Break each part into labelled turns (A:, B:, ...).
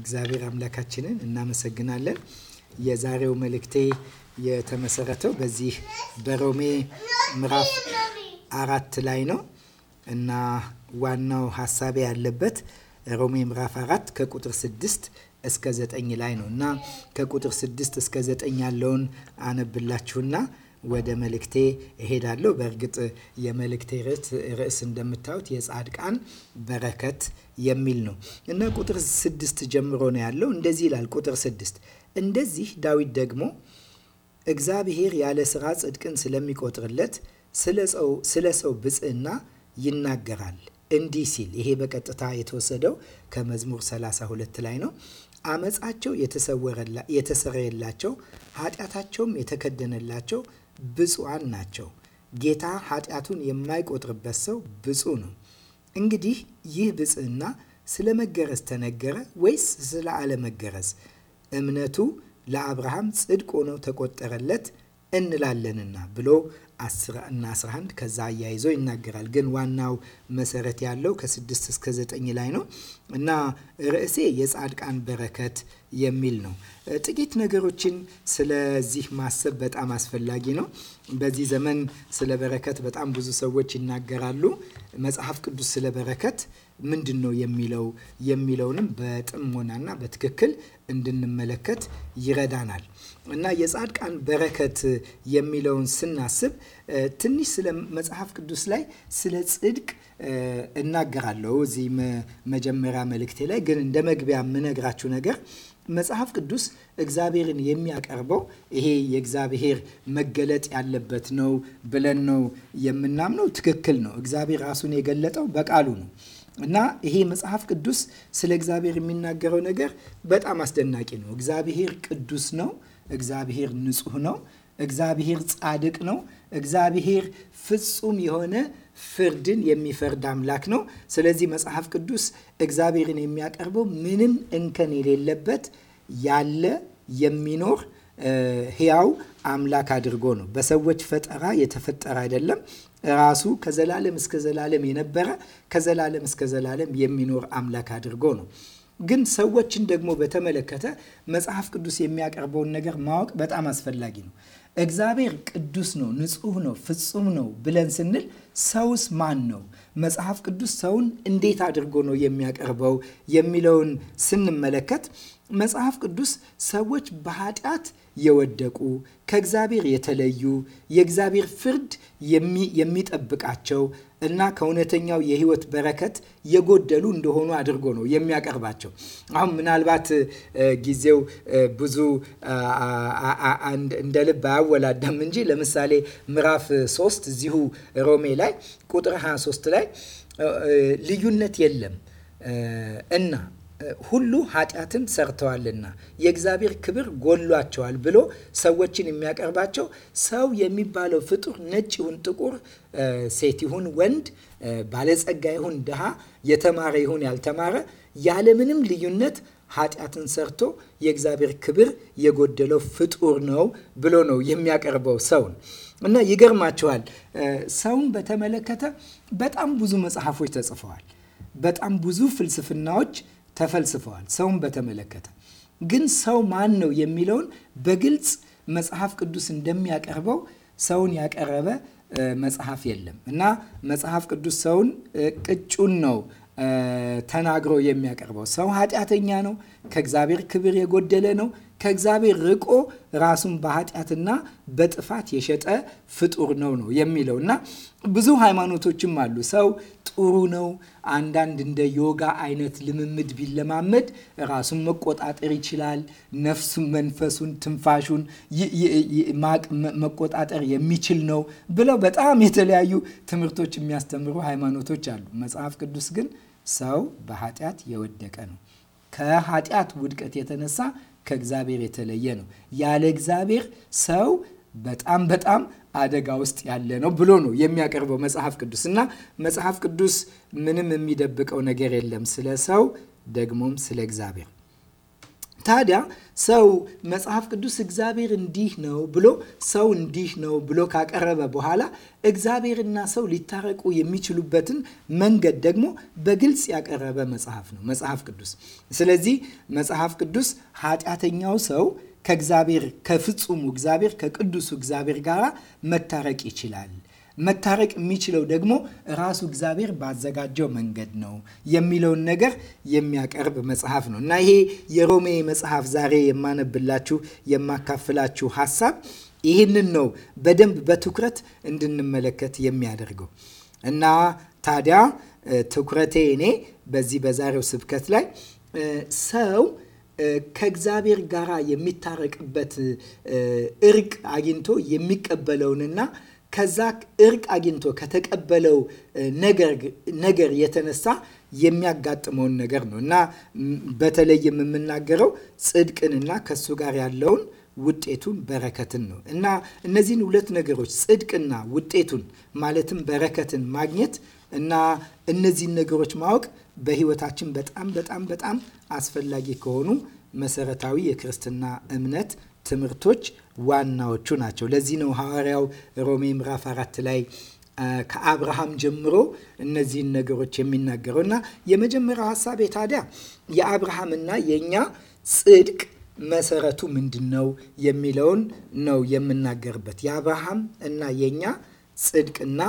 A: እግዚአብሔር አምላካችንን እናመሰግናለን። የዛሬው መልእክቴ የተመሰረተው በዚህ በሮሜ ምዕራፍ አራት ላይ ነው እና ዋናው ሀሳቤ ያለበት ሮሜ ምዕራፍ አራት ከቁጥር ስድስት እስከ ዘጠኝ ላይ ነው እና ከቁጥር ስድስት እስከ ዘጠኝ ያለውን አነብላችሁና ወደ መልእክቴ እሄዳለሁ። በእርግጥ የመልእክቴ ርዕስ እንደምታዩት የጻድቃን በረከት የሚል ነው እና ቁጥር ስድስት ጀምሮ ነው ያለው። እንደዚህ ይላል ቁጥር ስድስት እንደዚህ ዳዊት ደግሞ እግዚአብሔር ያለ ስራ ጽድቅን ስለሚቆጥርለት ስለ ሰው ብፅዕና ይናገራል እንዲህ ሲል ይሄ በቀጥታ የተወሰደው ከመዝሙር 32 ላይ ነው። አመፃቸው የተሰረየላቸው ኃጢአታቸውም የተከደነላቸው ብፁዓን ናቸው። ጌታ ኃጢአቱን የማይቆጥርበት ሰው ብፁ ነው። እንግዲህ ይህ ብፅዕና ስለ መገረዝ ተነገረ ወይስ ስለ አለመገረዝ? እምነቱ ለአብርሃም ጽድቅ ሆኖ ተቆጠረለት እንላለንና ብሎ እና 11 ከዛ አያይዞ ይናገራል። ግን ዋናው መሰረት ያለው ከ6 እስከ 9 ላይ ነው እና ርዕሴ የጻድቃን በረከት የሚል ነው። ጥቂት ነገሮችን ስለዚህ ማሰብ በጣም አስፈላጊ ነው። በዚህ ዘመን ስለ በረከት በጣም ብዙ ሰዎች ይናገራሉ። መጽሐፍ ቅዱስ ስለ በረከት ምንድን ነው የሚለው የሚለውንም በጥሞናና በትክክል እንድንመለከት ይረዳናል። እና የጻድቃን በረከት የሚለውን ስናስብ ትንሽ ስለ መጽሐፍ ቅዱስ ላይ ስለ ጽድቅ እናገራለሁ እዚህ መጀመሪያ መልእክቴ ላይ ግን እንደ መግቢያ የምነግራችሁ ነገር መጽሐፍ ቅዱስ እግዚአብሔርን የሚያቀርበው ይሄ የእግዚአብሔር መገለጥ ያለበት ነው ብለን ነው የምናምነው። ትክክል ነው። እግዚአብሔር ራሱን የገለጠው በቃሉ ነው እና ይሄ መጽሐፍ ቅዱስ ስለ እግዚአብሔር የሚናገረው ነገር በጣም አስደናቂ ነው። እግዚአብሔር ቅዱስ ነው። እግዚአብሔር ንጹህ ነው። እግዚአብሔር ጻድቅ ነው። እግዚአብሔር ፍጹም የሆነ ፍርድን የሚፈርድ አምላክ ነው። ስለዚህ መጽሐፍ ቅዱስ እግዚአብሔርን የሚያቀርበው ምንም እንከን የሌለበት ያለ የሚኖር ሕያው አምላክ አድርጎ ነው። በሰዎች ፈጠራ የተፈጠረ አይደለም። ራሱ ከዘላለም እስከ ዘላለም የነበረ ከዘላለም እስከ ዘላለም የሚኖር አምላክ አድርጎ ነው ግን ሰዎችን ደግሞ በተመለከተ መጽሐፍ ቅዱስ የሚያቀርበውን ነገር ማወቅ በጣም አስፈላጊ ነው። እግዚአብሔር ቅዱስ ነው፣ ንጹህ ነው፣ ፍጹም ነው ብለን ስንል ሰውስ ማን ነው? መጽሐፍ ቅዱስ ሰውን እንዴት አድርጎ ነው የሚያቀርበው የሚለውን ስንመለከት መጽሐፍ ቅዱስ ሰዎች በኃጢአት የወደቁ ከእግዚአብሔር የተለዩ የእግዚአብሔር ፍርድ የሚጠብቃቸው እና ከእውነተኛው የህይወት በረከት የጎደሉ እንደሆኑ አድርጎ ነው የሚያቀርባቸው። አሁን ምናልባት ጊዜው ብዙ እንደ ልብ አያወላዳም እንጂ ለምሳሌ ምዕራፍ 3 እዚሁ ሮሜ ላይ ቁጥር 23 ላይ ልዩነት የለም እና ሁሉ ኃጢአትን ሰርተዋልና የእግዚአብሔር ክብር ጎሏቸዋል ብሎ ሰዎችን የሚያቀርባቸው ሰው የሚባለው ፍጡር ነጭ ይሁን ጥቁር፣ ሴት ይሁን ወንድ፣ ባለጸጋ ይሁን ድሃ፣ የተማረ ይሁን ያልተማረ ያለምንም ልዩነት ኃጢአትን ሰርቶ የእግዚአብሔር ክብር የጎደለው ፍጡር ነው ብሎ ነው የሚያቀርበው ሰውን። እና ይገርማችኋል፣ ሰውን በተመለከተ በጣም ብዙ መጽሐፎች ተጽፈዋል። በጣም ብዙ ፍልስፍናዎች ተፈልስፈዋል። ሰውን በተመለከተ ግን ሰው ማን ነው የሚለውን በግልጽ መጽሐፍ ቅዱስ እንደሚያቀርበው ሰውን ያቀረበ መጽሐፍ የለም እና መጽሐፍ ቅዱስ ሰውን ቅጩን ነው ተናግሮ የሚያቀርበው። ሰው ኃጢአተኛ ነው፣ ከእግዚአብሔር ክብር የጎደለ ነው፣ ከእግዚአብሔር ርቆ ራሱን በኃጢአትና በጥፋት የሸጠ ፍጡር ነው ነው የሚለው እና ብዙ ሃይማኖቶችም አሉ ሰው ጥሩ ነው። አንዳንድ እንደ ዮጋ አይነት ልምምድ ቢለማመድ ራሱን መቆጣጠር ይችላል። ነፍሱን፣ መንፈሱን፣ ትንፋሹን መቆጣጠር የሚችል ነው ብለው በጣም የተለያዩ ትምህርቶች የሚያስተምሩ ሃይማኖቶች አሉ። መጽሐፍ ቅዱስ ግን ሰው በኃጢአት የወደቀ ነው። ከኃጢአት ውድቀት የተነሳ ከእግዚአብሔር የተለየ ነው። ያለ እግዚአብሔር ሰው በጣም በጣም አደጋ ውስጥ ያለ ነው ብሎ ነው የሚያቀርበው መጽሐፍ ቅዱስ እና መጽሐፍ ቅዱስ ምንም የሚደብቀው ነገር የለም ስለ ሰው ደግሞም ስለ እግዚአብሔር። ታዲያ ሰው መጽሐፍ ቅዱስ እግዚአብሔር እንዲህ ነው ብሎ ሰው እንዲህ ነው ብሎ ካቀረበ በኋላ እግዚአብሔርና ሰው ሊታረቁ የሚችሉበትን መንገድ ደግሞ በግልጽ ያቀረበ መጽሐፍ ነው መጽሐፍ ቅዱስ። ስለዚህ መጽሐፍ ቅዱስ ኃጢአተኛው ሰው ከእግዚአብሔር ከፍጹሙ እግዚአብሔር ከቅዱሱ እግዚአብሔር ጋር መታረቅ ይችላል። መታረቅ የሚችለው ደግሞ ራሱ እግዚአብሔር ባዘጋጀው መንገድ ነው የሚለውን ነገር የሚያቀርብ መጽሐፍ ነው እና ይሄ የሮሜ መጽሐፍ ዛሬ የማነብላችሁ የማካፍላችሁ ሀሳብ ይህንን ነው በደንብ በትኩረት እንድንመለከት የሚያደርገው እና ታዲያ ትኩረቴ እኔ በዚህ በዛሬው ስብከት ላይ ሰው ከእግዚአብሔር ጋር የሚታረቅበት እርቅ አግኝቶ የሚቀበለውንና ከዛ እርቅ አግኝቶ ከተቀበለው ነገር የተነሳ የሚያጋጥመውን ነገር ነው እና በተለይም የምናገረው ጽድቅንና ከሱ ጋር ያለውን ውጤቱን በረከትን ነው እና እነዚህን ሁለት ነገሮች ጽድቅና ውጤቱን ማለትም በረከትን ማግኘት እና እነዚህን ነገሮች ማወቅ በህይወታችን በጣም በጣም በጣም አስፈላጊ ከሆኑ መሰረታዊ የክርስትና እምነት ትምህርቶች ዋናዎቹ ናቸው። ለዚህ ነው ሐዋርያው ሮሜ ምዕራፍ አራት ላይ ከአብርሃም ጀምሮ እነዚህን ነገሮች የሚናገረው እና የመጀመሪያው ሀሳቤ ታዲያ የአብርሃምና የእኛ ጽድቅ መሰረቱ ምንድን ነው የሚለውን ነው የምናገርበት። የአብርሃም እና የእኛ ጽድቅና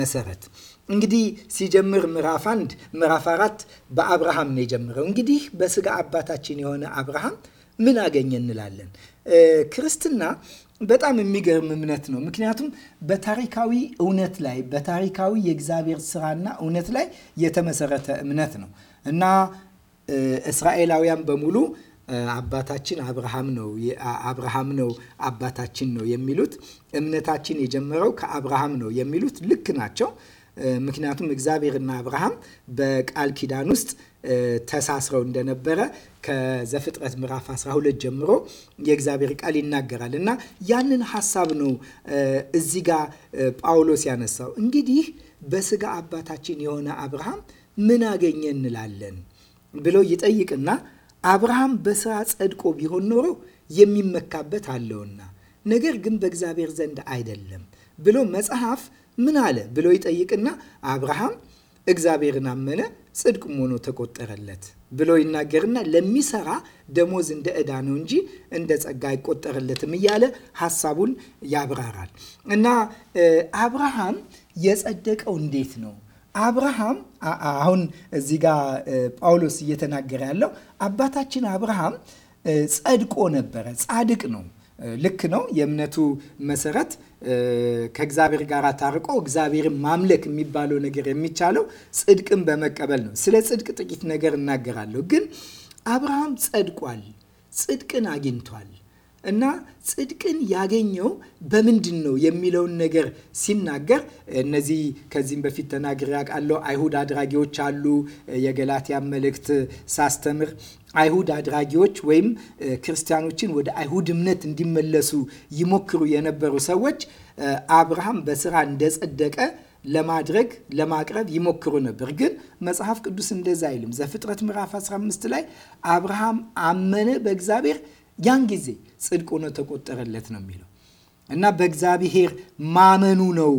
A: መሰረት እንግዲህ ሲጀምር ምዕራፍ አንድ ምዕራፍ አራት በአብርሃም ነው የጀምረው። እንግዲህ በስጋ አባታችን የሆነ አብርሃም ምን አገኘ እንላለን። ክርስትና በጣም የሚገርም እምነት ነው። ምክንያቱም በታሪካዊ እውነት ላይ በታሪካዊ የእግዚአብሔር ስራና እውነት ላይ የተመሰረተ እምነት ነው እና እስራኤላውያን በሙሉ አባታችን አብርሃም ነው አብርሃም ነው አባታችን ነው የሚሉት እምነታችን የጀመረው ከአብርሃም ነው የሚሉት ልክ ናቸው። ምክንያቱም እግዚአብሔርና አብርሃም በቃል ኪዳን ውስጥ ተሳስረው እንደነበረ ከዘፍጥረት ምዕራፍ 12 ጀምሮ የእግዚአብሔር ቃል ይናገራል እና ያንን ሀሳብ ነው እዚህ ጋር ጳውሎስ ያነሳው። እንግዲህ በስጋ አባታችን የሆነ አብርሃም ምን አገኘ እንላለን ብሎ ይጠይቅና አብርሃም በስራ ጸድቆ ቢሆን ኖሮ የሚመካበት አለውና ነገር ግን በእግዚአብሔር ዘንድ አይደለም ብሎ መጽሐፍ ምን አለ ብሎ ይጠይቅና አብርሃም እግዚአብሔርን አመነ ጽድቅም ሆኖ ተቆጠረለት ብሎ ይናገርና ለሚሰራ ደሞዝ እንደ ዕዳ ነው እንጂ እንደ ጸጋ አይቆጠርለትም እያለ ሀሳቡን ያብራራል እና አብርሃም የጸደቀው እንዴት ነው? አብርሃም አሁን እዚህ ጋር ጳውሎስ እየተናገረ ያለው አባታችን አብርሃም ጸድቆ ነበረ። ጻድቅ ነው ልክ ነው። የእምነቱ መሰረት ከእግዚአብሔር ጋር ታርቆ እግዚአብሔርን ማምለክ የሚባለው ነገር የሚቻለው ጽድቅን በመቀበል ነው። ስለ ጽድቅ ጥቂት ነገር እናገራለሁ። ግን አብርሃም ጸድቋል፣ ጽድቅን አግኝቷል እና ጽድቅን ያገኘው በምንድን ነው የሚለውን ነገር ሲናገር እነዚህ ከዚህም በፊት ተናግሬ አውቃለሁ። አይሁድ አድራጊዎች አሉ። የገላትያ መልእክት ሳስተምር አይሁድ አድራጊዎች ወይም ክርስቲያኖችን ወደ አይሁድ እምነት እንዲመለሱ ይሞክሩ የነበሩ ሰዎች አብርሃም በስራ እንደጸደቀ ለማድረግ ለማቅረብ ይሞክሩ ነበር። ግን መጽሐፍ ቅዱስ እንደዛ አይልም። ዘፍጥረት ምዕራፍ 15 ላይ አብርሃም አመነ በእግዚአብሔር ያን ጊዜ ጽድቅ ሆኖ ተቆጠረለት ነው የሚለው እና በእግዚአብሔር ማመኑ ነው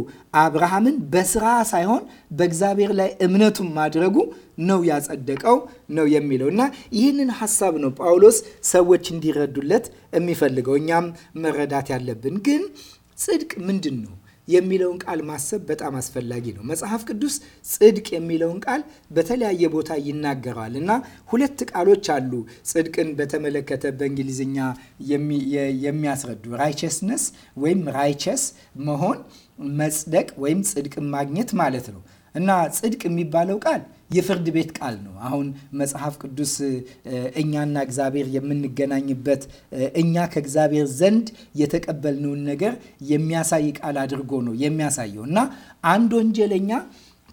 A: አብርሃምን በስራ ሳይሆን በእግዚአብሔር ላይ እምነቱን ማድረጉ ነው ያጸደቀው ነው የሚለው እና ይህንን ሀሳብ ነው ጳውሎስ ሰዎች እንዲረዱለት የሚፈልገው እኛም መረዳት ያለብን ግን ጽድቅ ምንድን ነው የሚለውን ቃል ማሰብ በጣም አስፈላጊ ነው። መጽሐፍ ቅዱስ ጽድቅ የሚለውን ቃል በተለያየ ቦታ ይናገረዋል እና ሁለት ቃሎች አሉ ጽድቅን በተመለከተ በእንግሊዝኛ የሚያስረዱ ራይቸስነስ ወይም ራይቸስ መሆን መጽደቅ ወይም ጽድቅን ማግኘት ማለት ነው እና ጽድቅ የሚባለው ቃል የፍርድ ቤት ቃል ነው። አሁን መጽሐፍ ቅዱስ እኛና እግዚአብሔር የምንገናኝበት እኛ ከእግዚአብሔር ዘንድ የተቀበልነውን ነገር የሚያሳይ ቃል አድርጎ ነው የሚያሳየው እና አንድ ወንጀለኛ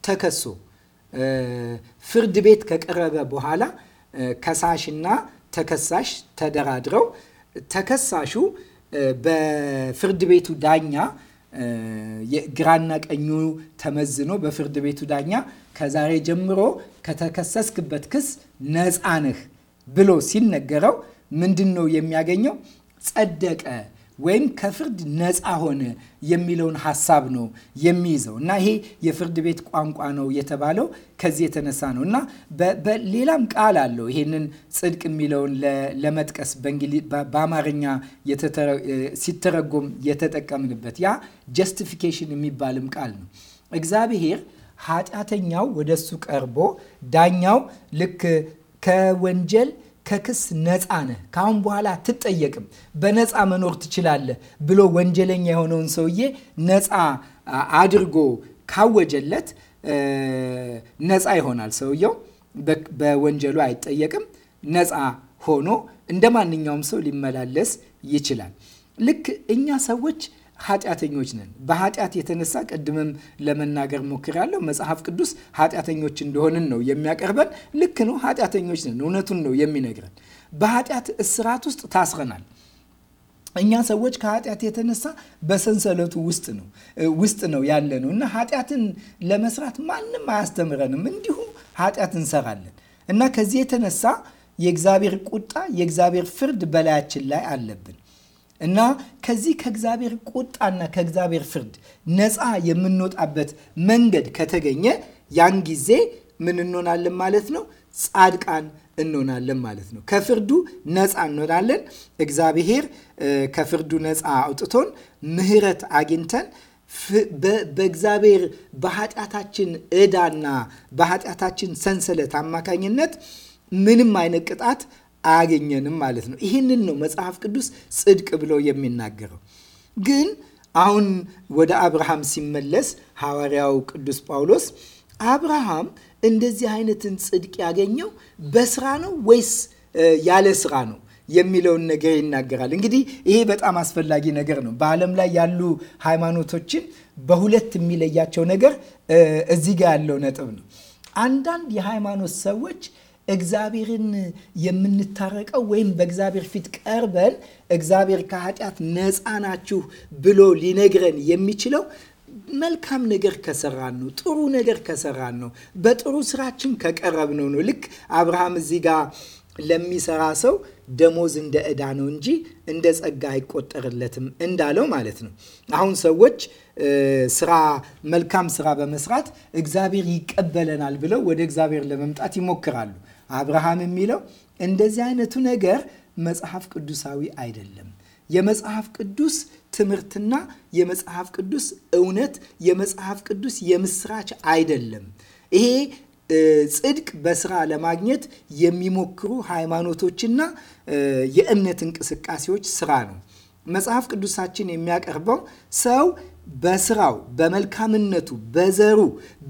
A: ተከሶ ፍርድ ቤት ከቀረበ በኋላ ከሳሽና ተከሳሽ ተደራድረው ተከሳሹ በፍርድ ቤቱ ዳኛ ግራና ቀኙ ተመዝኖ በፍርድ ቤቱ ዳኛ ከዛሬ ጀምሮ ከተከሰስክበት ክስ ነፃ ነህ ብሎ ሲነገረው ምንድን ነው የሚያገኘው? ጸደቀ ወይም ከፍርድ ነፃ ሆነ የሚለውን ሀሳብ ነው የሚይዘው እና ይሄ የፍርድ ቤት ቋንቋ ነው የተባለው ከዚህ የተነሳ ነው እና በሌላም ቃል አለው ይሄንን ጽድቅ የሚለውን ለመጥቀስ በአማርኛ ሲተረጎም የተጠቀምንበት ያ ጀስቲፊኬሽን የሚባልም ቃል ነው። እግዚአብሔር ኃጢአተኛው ወደ እሱ ቀርቦ ዳኛው ልክ ከወንጀል ከክስ ነፃ ነህ፣ ከአሁን በኋላ አትጠየቅም፣ በነፃ መኖር ትችላለህ ብሎ ወንጀለኛ የሆነውን ሰውዬ ነፃ አድርጎ ካወጀለት ነፃ ይሆናል። ሰውየው በወንጀሉ አይጠየቅም። ነፃ ሆኖ እንደ ማንኛውም ሰው ሊመላለስ ይችላል። ልክ እኛ ሰዎች ኃጢአተኞች ነን። በኃጢአት የተነሳ ቅድምም ለመናገር ያለው መጽሐፍ ቅዱስ ኃጢአተኞች እንደሆንን ነው የሚያቀርበን። ልክ ነው፣ ኃጢአተኞች ነን። እውነቱን ነው የሚነግረን። በኃጢአት እስራት ውስጥ ታስረናል። እኛ ሰዎች ከኃጢአት የተነሳ በሰንሰለቱ ውስጥ ነው ውስጥ ነው ያለ ነው እና ኃጢአትን ለመስራት ማንም አያስተምረንም። እንዲሁ ኃጢአት እንሰራለን እና ከዚህ የተነሳ የእግዚአብሔር ቁጣ የእግዚአብሔር ፍርድ በላያችን ላይ አለብን። እና ከዚህ ከእግዚአብሔር ቁጣና ከእግዚአብሔር ፍርድ ነፃ የምንወጣበት መንገድ ከተገኘ ያን ጊዜ ምን እንሆናለን ማለት ነው? ጻድቃን እንሆናለን ማለት ነው። ከፍርዱ ነፃ እንሆናለን። እግዚአብሔር ከፍርዱ ነፃ አውጥቶን ምሕረት አግኝተን በእግዚአብሔር በኃጢአታችን እዳና በኃጢአታችን ሰንሰለት አማካኝነት ምንም አይነት ቅጣት አያገኘንም ማለት ነው። ይህንን ነው መጽሐፍ ቅዱስ ጽድቅ ብሎ የሚናገረው። ግን አሁን ወደ አብርሃም ሲመለስ ሐዋርያው ቅዱስ ጳውሎስ አብርሃም እንደዚህ አይነትን ጽድቅ ያገኘው በስራ ነው ወይስ ያለ ስራ ነው የሚለውን ነገር ይናገራል። እንግዲህ ይሄ በጣም አስፈላጊ ነገር ነው። በዓለም ላይ ያሉ ሃይማኖቶችን በሁለት የሚለያቸው ነገር እዚህ ጋር ያለው ነጥብ ነው። አንዳንድ የሃይማኖት ሰዎች እግዚአብሔርን የምንታረቀው ወይም በእግዚአብሔር ፊት ቀርበን እግዚአብሔር ከኃጢአት ነፃ ናችሁ ብሎ ሊነግረን የሚችለው መልካም ነገር ከሰራን ነው። ጥሩ ነገር ከሰራን ነው። በጥሩ ስራችን ከቀረብነው ነው። ልክ አብርሃም እዚህ ጋር ለሚሰራ ሰው ደሞዝ እንደ ዕዳ ነው እንጂ እንደ ጸጋ አይቆጠርለትም እንዳለው ማለት ነው። አሁን ሰዎች ስራ መልካም ስራ በመስራት እግዚአብሔር ይቀበለናል ብለው ወደ እግዚአብሔር ለመምጣት ይሞክራሉ። አብርሃም የሚለው እንደዚህ አይነቱ ነገር መጽሐፍ ቅዱሳዊ አይደለም። የመጽሐፍ ቅዱስ ትምህርትና የመጽሐፍ ቅዱስ እውነት የመጽሐፍ ቅዱስ የምስራች አይደለም። ይሄ ጽድቅ በስራ ለማግኘት የሚሞክሩ ሃይማኖቶችና የእምነት እንቅስቃሴዎች ስራ ነው። መጽሐፍ ቅዱሳችን የሚያቀርበው ሰው በስራው፣ በመልካምነቱ፣ በዘሩ፣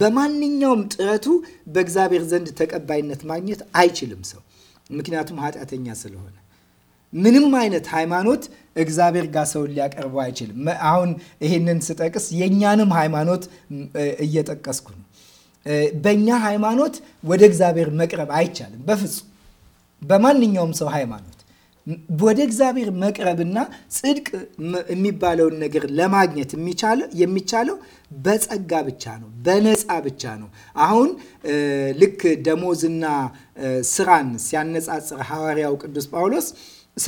A: በማንኛውም ጥረቱ በእግዚአብሔር ዘንድ ተቀባይነት ማግኘት አይችልም ሰው ምክንያቱም ኃጢአተኛ ስለሆነ ምንም አይነት ሃይማኖት እግዚአብሔር ጋር ሰውን ሊያቀርበው አይችልም። አሁን ይህንን ስጠቅስ የእኛንም ሃይማኖት እየጠቀስኩ ነው። በእኛ ሃይማኖት ወደ እግዚአብሔር መቅረብ አይቻልም በፍጹም በማንኛውም ሰው ሃይማኖት ወደ እግዚአብሔር መቅረብና ጽድቅ የሚባለውን ነገር ለማግኘት የሚቻለው በጸጋ ብቻ ነው፣ በነፃ ብቻ ነው። አሁን ልክ ደሞዝና ስራን ሲያነጻጽር ሐዋርያው ቅዱስ ጳውሎስ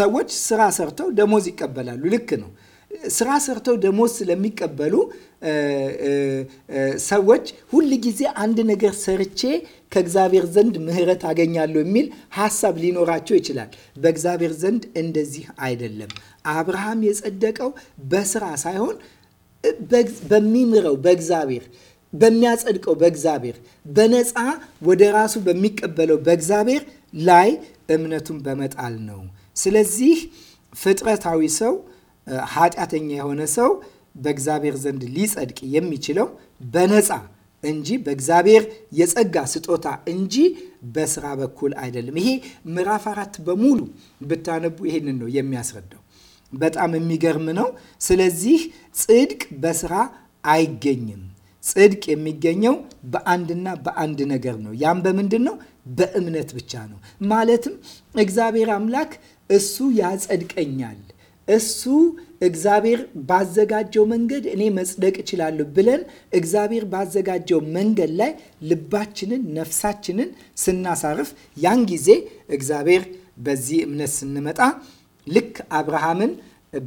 A: ሰዎች ስራ ሰርተው ደሞዝ ይቀበላሉ። ልክ ነው። ስራ ሰርተው ደሞዝ ስለሚቀበሉ ሰዎች ሁል ጊዜ አንድ ነገር ሰርቼ ከእግዚአብሔር ዘንድ ምሕረት አገኛለሁ የሚል ሀሳብ ሊኖራቸው ይችላል። በእግዚአብሔር ዘንድ እንደዚህ አይደለም። አብርሃም የጸደቀው በስራ ሳይሆን በሚምረው በእግዚአብሔር በሚያጸድቀው በእግዚአብሔር በነፃ ወደ ራሱ በሚቀበለው በእግዚአብሔር ላይ እምነቱን በመጣል ነው። ስለዚህ ፍጥረታዊ ሰው ኃጢአተኛ የሆነ ሰው በእግዚአብሔር ዘንድ ሊጸድቅ የሚችለው በነፃ እንጂ በእግዚአብሔር የጸጋ ስጦታ እንጂ በስራ በኩል አይደለም። ይሄ ምዕራፍ አራት በሙሉ ብታነቡ ይሄንን ነው የሚያስረዳው። በጣም የሚገርም ነው። ስለዚህ ጽድቅ በስራ አይገኝም። ጽድቅ የሚገኘው በአንድና በአንድ ነገር ነው። ያም በምንድን ነው? በእምነት ብቻ ነው። ማለትም እግዚአብሔር አምላክ እሱ ያጸድቀኛል እሱ እግዚአብሔር ባዘጋጀው መንገድ እኔ መጽደቅ እችላለሁ ብለን እግዚአብሔር ባዘጋጀው መንገድ ላይ ልባችንን፣ ነፍሳችንን ስናሳርፍ ያን ጊዜ እግዚአብሔር በዚህ እምነት ስንመጣ ልክ አብርሃምን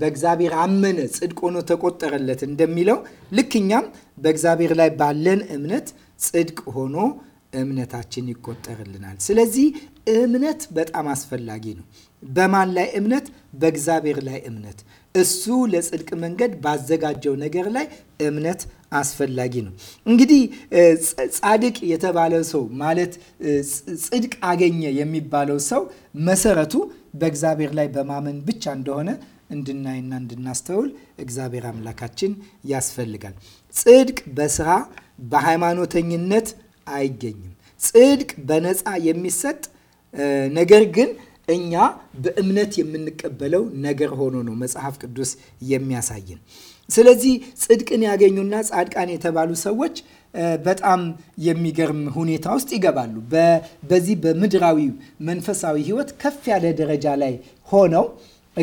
A: በእግዚአብሔር አመነ ጽድቅ ሆኖ ተቆጠረለት እንደሚለው ልክ እኛም በእግዚአብሔር ላይ ባለን እምነት ጽድቅ ሆኖ እምነታችን ይቆጠርልናል። ስለዚህ እምነት በጣም አስፈላጊ ነው። በማን ላይ እምነት? በእግዚአብሔር ላይ እምነት። እሱ ለጽድቅ መንገድ ባዘጋጀው ነገር ላይ እምነት አስፈላጊ ነው። እንግዲህ ጻድቅ የተባለ ሰው ማለት ጽድቅ አገኘ የሚባለው ሰው መሰረቱ በእግዚአብሔር ላይ በማመን ብቻ እንደሆነ እንድናይና እንድናስተውል እግዚአብሔር አምላካችን ያስፈልጋል። ጽድቅ በስራ በሃይማኖተኝነት አይገኝም። ጽድቅ በነፃ የሚሰጥ ነገር ግን እኛ በእምነት የምንቀበለው ነገር ሆኖ ነው መጽሐፍ ቅዱስ የሚያሳይን ስለዚህ ጽድቅን ያገኙና ጻድቃን የተባሉ ሰዎች በጣም የሚገርም ሁኔታ ውስጥ ይገባሉ። በዚህ በምድራዊ መንፈሳዊ ሕይወት ከፍ ያለ ደረጃ ላይ ሆነው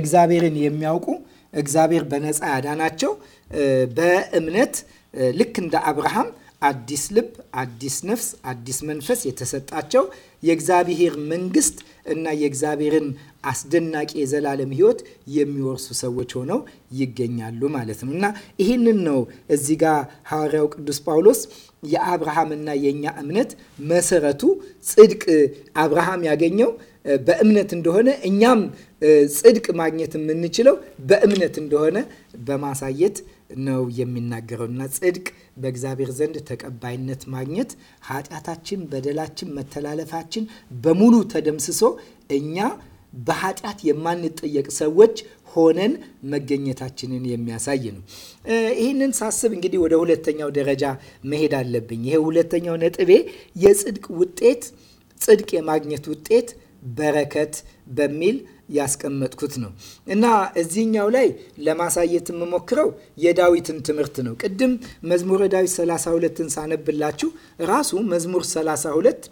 A: እግዚአብሔርን የሚያውቁ እግዚአብሔር በነፃ ያዳናቸው በእምነት ልክ እንደ አብርሃም አዲስ ልብ፣ አዲስ ነፍስ፣ አዲስ መንፈስ የተሰጣቸው የእግዚአብሔር መንግስት እና የእግዚአብሔርን አስደናቂ የዘላለም ህይወት የሚወርሱ ሰዎች ሆነው ይገኛሉ ማለት ነው እና ይህንን ነው እዚህ ጋ ሐዋርያው ቅዱስ ጳውሎስ የአብርሃምና የእኛ እምነት መሰረቱ ጽድቅ አብርሃም ያገኘው በእምነት እንደሆነ እኛም ጽድቅ ማግኘት የምንችለው በእምነት እንደሆነ በማሳየት ነው የሚናገረው እና ጽድቅ በእግዚአብሔር ዘንድ ተቀባይነት ማግኘት ኃጢአታችን፣ በደላችን፣ መተላለፋችን በሙሉ ተደምስሶ እኛ በኃጢአት የማንጠየቅ ሰዎች ሆነን መገኘታችንን የሚያሳይ ነው። ይህንን ሳስብ እንግዲህ ወደ ሁለተኛው ደረጃ መሄድ አለብኝ። ይሄ ሁለተኛው ነጥቤ የጽድቅ ውጤት ጽድቅ የማግኘት ውጤት በረከት በሚል ያስቀመጥኩት ነው እና እዚህኛው ላይ ለማሳየት የምሞክረው የዳዊትን ትምህርት ነው። ቅድም መዝሙረ ዳዊት 32ን ሳነብላችሁ ራሱ መዝሙር 32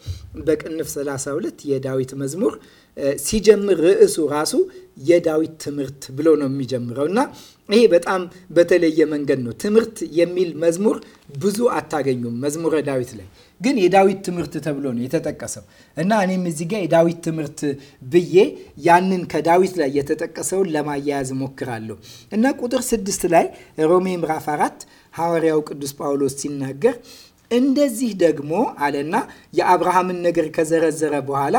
A: በቅንፍ 32 የዳዊት መዝሙር ሲጀምር ርዕሱ ራሱ የዳዊት ትምህርት ብሎ ነው የሚጀምረው እና ይሄ በጣም በተለየ መንገድ ነው። ትምህርት የሚል መዝሙር ብዙ አታገኙም መዝሙረ ዳዊት ላይ ግን የዳዊት ትምህርት ተብሎ ነው የተጠቀሰው እና እኔም እዚህ ጋር የዳዊት ትምህርት ብዬ ያንን ከዳዊት ላይ የተጠቀሰውን ለማያያዝ ሞክራለሁ እና ቁጥር ስድስት ላይ ሮሜ ምዕራፍ አራት ሐዋርያው ቅዱስ ጳውሎስ ሲናገር እንደዚህ ደግሞ አለና የአብርሃምን ነገር ከዘረዘረ በኋላ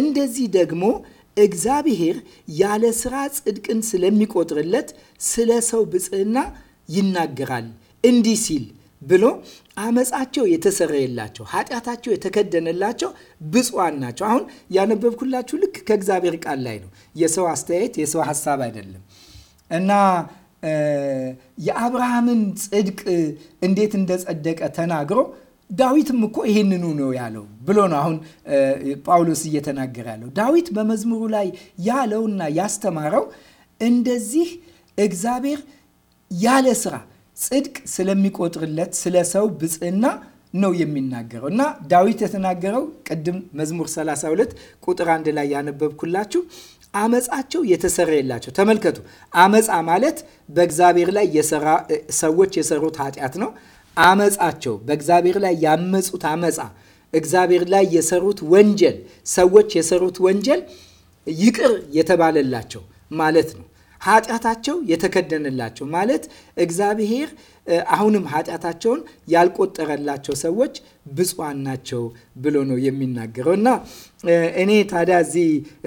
A: እንደዚህ ደግሞ እግዚአብሔር ያለ ስራ ጽድቅን ስለሚቆጥርለት ስለ ሰው ብፅዕና ይናገራል እንዲህ ሲል ብሎ አመፃቸው የተሰረየላቸው ኃጢአታቸው የተከደነላቸው ብፁዓን ናቸው። አሁን ያነበብኩላችሁ ልክ ከእግዚአብሔር ቃል ላይ ነው። የሰው አስተያየት የሰው ሀሳብ አይደለም እና የአብርሃምን ጽድቅ እንዴት እንደጸደቀ ተናግሮ ዳዊትም እኮ ይህንኑ ነው ያለው ብሎ ነው አሁን ጳውሎስ እየተናገረ ያለው። ዳዊት በመዝሙሩ ላይ ያለውና ያስተማረው እንደዚህ እግዚአብሔር ያለ ስራ ጽድቅ ስለሚቆጥርለት ስለ ሰው ብፅዕና ነው የሚናገረው እና ዳዊት የተናገረው ቅድም መዝሙር 32 ቁጥር አንድ ላይ ያነበብኩላችሁ አመፃቸው የተሰረየላቸው። ተመልከቱ፣ አመፃ ማለት በእግዚአብሔር ላይ ሰዎች የሰሩት ኃጢአት ነው። አመፃቸው በእግዚአብሔር ላይ ያመፁት አመፃ፣ እግዚአብሔር ላይ የሰሩት ወንጀል፣ ሰዎች የሰሩት ወንጀል ይቅር የተባለላቸው ማለት ነው። ኃጢአታቸው የተከደነላቸው ማለት እግዚአብሔር አሁንም ኃጢአታቸውን ያልቆጠረላቸው ሰዎች ብፁዓን ናቸው ብሎ ነው የሚናገረው እና እኔ ታዲያ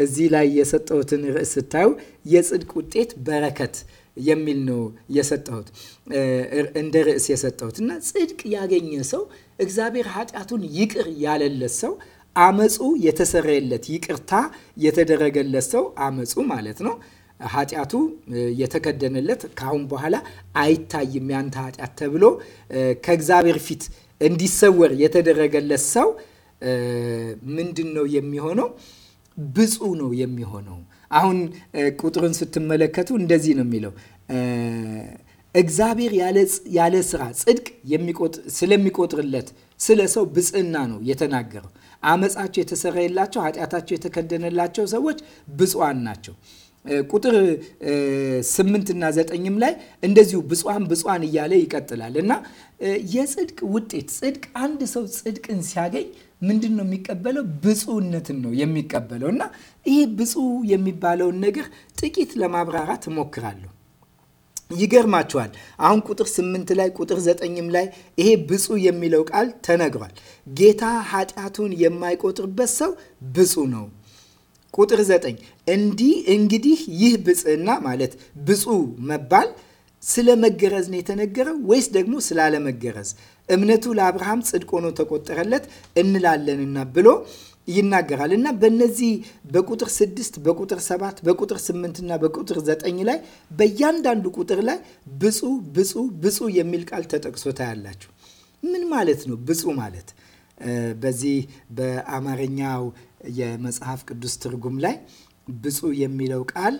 A: እዚህ ላይ የሰጠሁትን ርዕስ ስታዩ የጽድቅ ውጤት በረከት የሚል ነው የሰጠሁት እንደ ርዕስ የሰጠሁት እና ጽድቅ ያገኘ ሰው እግዚአብሔር ኃጢአቱን ይቅር ያለለት ሰው አመፁ የተሰረየለት ይቅርታ የተደረገለት ሰው አመፁ ማለት ነው ኃጢአቱ የተከደነለት ከአሁን በኋላ አይታይም ያንተ ኃጢአት ተብሎ ከእግዚአብሔር ፊት እንዲሰወር የተደረገለት ሰው ምንድን ነው የሚሆነው? ብፁ ነው የሚሆነው። አሁን ቁጥርን ስትመለከቱ እንደዚህ ነው የሚለው እግዚአብሔር ያለ ስራ ጽድቅ ስለሚቆጥርለት ስለ ሰው ብፅዕና ነው የተናገረው። አመፃቸው የተሰረየላቸው ኃጢአታቸው የተከደነላቸው ሰዎች ብፁዓን ናቸው። ቁጥር ስምንትና ዘጠኝም ላይ እንደዚሁ ብፁዓን ብፁዓን እያለ ይቀጥላል እና የጽድቅ ውጤት ጽድቅ አንድ ሰው ጽድቅን ሲያገኝ ምንድን ነው የሚቀበለው? ብፁዕነትን ነው የሚቀበለው እና ይህ ብፁዕ የሚባለውን ነገር ጥቂት ለማብራራት እሞክራለሁ። ይገርማቸዋል አሁን ቁጥር ስምንት ላይ ቁጥር ዘጠኝም ላይ ይሄ ብፁዕ የሚለው ቃል ተነግሯል። ጌታ ኃጢአቱን የማይቆጥርበት ሰው ብፁዕ ነው ቁጥር 9 እንዲህ እንግዲህ ይህ ብፅዕና ማለት ብፁ መባል ስለ መገረዝ ነው የተነገረው ወይስ ደግሞ ስላለመገረዝ እምነቱ ለአብርሃም ጽድቅ ሆኖ ተቆጠረለት እንላለንና ብሎ ይናገራል እና በነዚህ በቁጥር 6 በቁጥር 7 በቁጥር 8 እና በቁጥር 9 ላይ በእያንዳንዱ ቁጥር ላይ ብፁ ብፁ ብፁ የሚል ቃል ተጠቅሶ ታያላችሁ። ምን ማለት ነው ብፁ ማለት? በዚህ በአማርኛው የመጽሐፍ ቅዱስ ትርጉም ላይ ብፁዕ የሚለው ቃል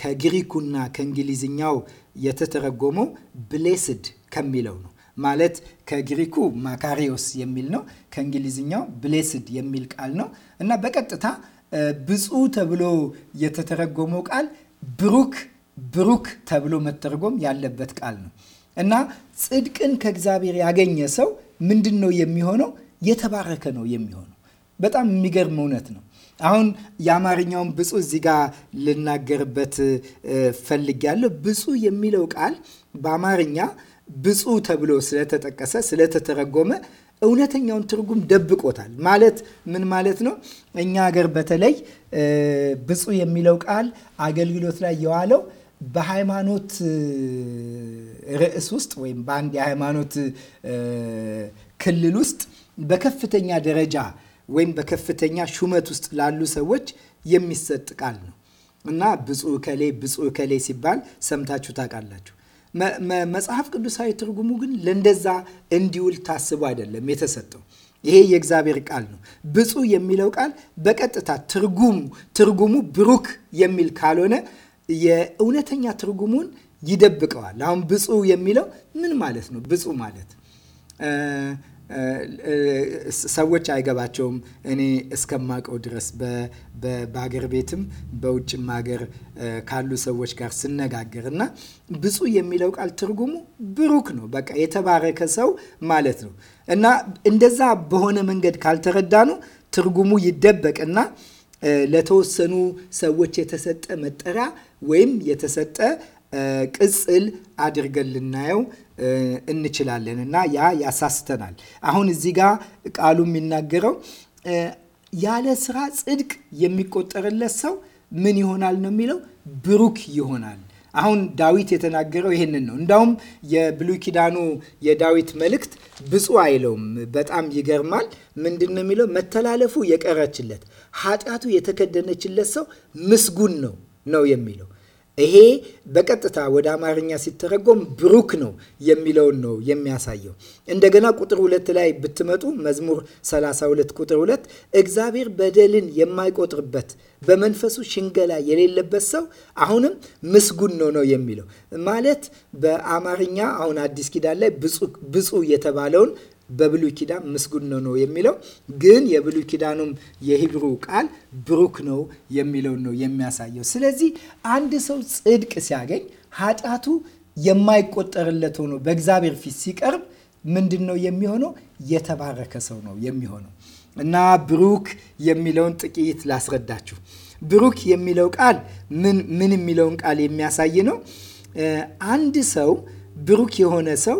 A: ከግሪኩና ከእንግሊዝኛው የተተረጎመው ብሌስድ ከሚለው ነው። ማለት ከግሪኩ ማካሪዮስ የሚል ነው። ከእንግሊዝኛው ብሌስድ የሚል ቃል ነው እና በቀጥታ ብፁዕ ተብሎ የተተረጎመው ቃል ብሩክ ብሩክ ተብሎ መተርጎም ያለበት ቃል ነው እና ጽድቅን ከእግዚአብሔር ያገኘ ሰው ምንድን ነው የሚሆነው? የተባረከ ነው የሚሆነው በጣም የሚገርም እውነት ነው። አሁን የአማርኛውን ብፁ እዚህ ጋር ልናገርበት ፈልጌያለሁ። ብፁ የሚለው ቃል በአማርኛ ብፁ ተብሎ ስለተጠቀሰ ስለተተረጎመ እውነተኛውን ትርጉም ደብቆታል። ማለት ምን ማለት ነው? እኛ ሀገር በተለይ ብፁ የሚለው ቃል አገልግሎት ላይ የዋለው በሃይማኖት ርዕስ ውስጥ ወይም በአንድ የሃይማኖት ክልል ውስጥ በከፍተኛ ደረጃ ወይም በከፍተኛ ሹመት ውስጥ ላሉ ሰዎች የሚሰጥ ቃል ነው እና ብፁዕ ከሌ ብፁዕ ከሌ ሲባል ሰምታችሁ ታውቃላችሁ። መጽሐፍ ቅዱሳዊ ትርጉሙ ግን ለእንደዛ እንዲውል ታስቦ አይደለም የተሰጠው። ይሄ የእግዚአብሔር ቃል ነው። ብፁዕ የሚለው ቃል በቀጥታ ትርጉሙ ትርጉሙ ብሩክ የሚል ካልሆነ የእውነተኛ ትርጉሙን ይደብቀዋል። አሁን ብፁዕ የሚለው ምን ማለት ነው? ብፁዕ ማለት ሰዎች አይገባቸውም። እኔ እስከማውቀው ድረስ በሀገር ቤትም በውጭም ሀገር ካሉ ሰዎች ጋር ስነጋገር እና ብፁዕ የሚለው ቃል ትርጉሙ ብሩክ ነው። በቃ የተባረከ ሰው ማለት ነው እና እንደዛ በሆነ መንገድ ካልተረዳኑ ትርጉሙ ይደበቅና ለተወሰኑ ሰዎች የተሰጠ መጠሪያ ወይም የተሰጠ ቅጽል አድርገን ልናየው እንችላለን እና ያ ያሳስተናል። አሁን እዚህ ጋር ቃሉ የሚናገረው ያለ ስራ ጽድቅ የሚቆጠርለት ሰው ምን ይሆናል ነው የሚለው ብሩክ ይሆናል። አሁን ዳዊት የተናገረው ይህንን ነው። እንዳውም የብሉይ ኪዳኑ የዳዊት መልእክት ብፁ አይለውም። በጣም ይገርማል። ምንድን ነው የሚለው? መተላለፉ የቀረችለት ኃጢአቱ የተከደነችለት ሰው ምስጉን ነው ነው የሚለው ይሄ በቀጥታ ወደ አማርኛ ሲተረጎም ብሩክ ነው የሚለውን ነው የሚያሳየው። እንደገና ቁጥር ሁለት ላይ ብትመጡ መዝሙር 32 ቁጥር ሁለት እግዚአብሔር በደልን የማይቆጥርበት በመንፈሱ ሽንገላ የሌለበት ሰው አሁንም ምስጉን ነው ነው የሚለው ማለት በአማርኛ አሁን አዲስ ኪዳን ላይ ብፁ የተባለውን በብሉይ ኪዳን ምስጉን ነው የሚለው ግን የብሉይ ኪዳኑም የሂብሩ ቃል ብሩክ ነው የሚለውን ነው የሚያሳየው። ስለዚህ አንድ ሰው ጽድቅ ሲያገኝ ኃጢአቱ የማይቆጠርለት ሆኖ በእግዚአብሔር ፊት ሲቀርብ ምንድን ነው የሚሆነው? የተባረከ ሰው ነው የሚሆነው እና ብሩክ የሚለውን ጥቂት ላስረዳችሁ። ብሩክ የሚለው ቃል ምን የሚለውን ቃል የሚያሳይ ነው። አንድ ሰው ብሩክ የሆነ ሰው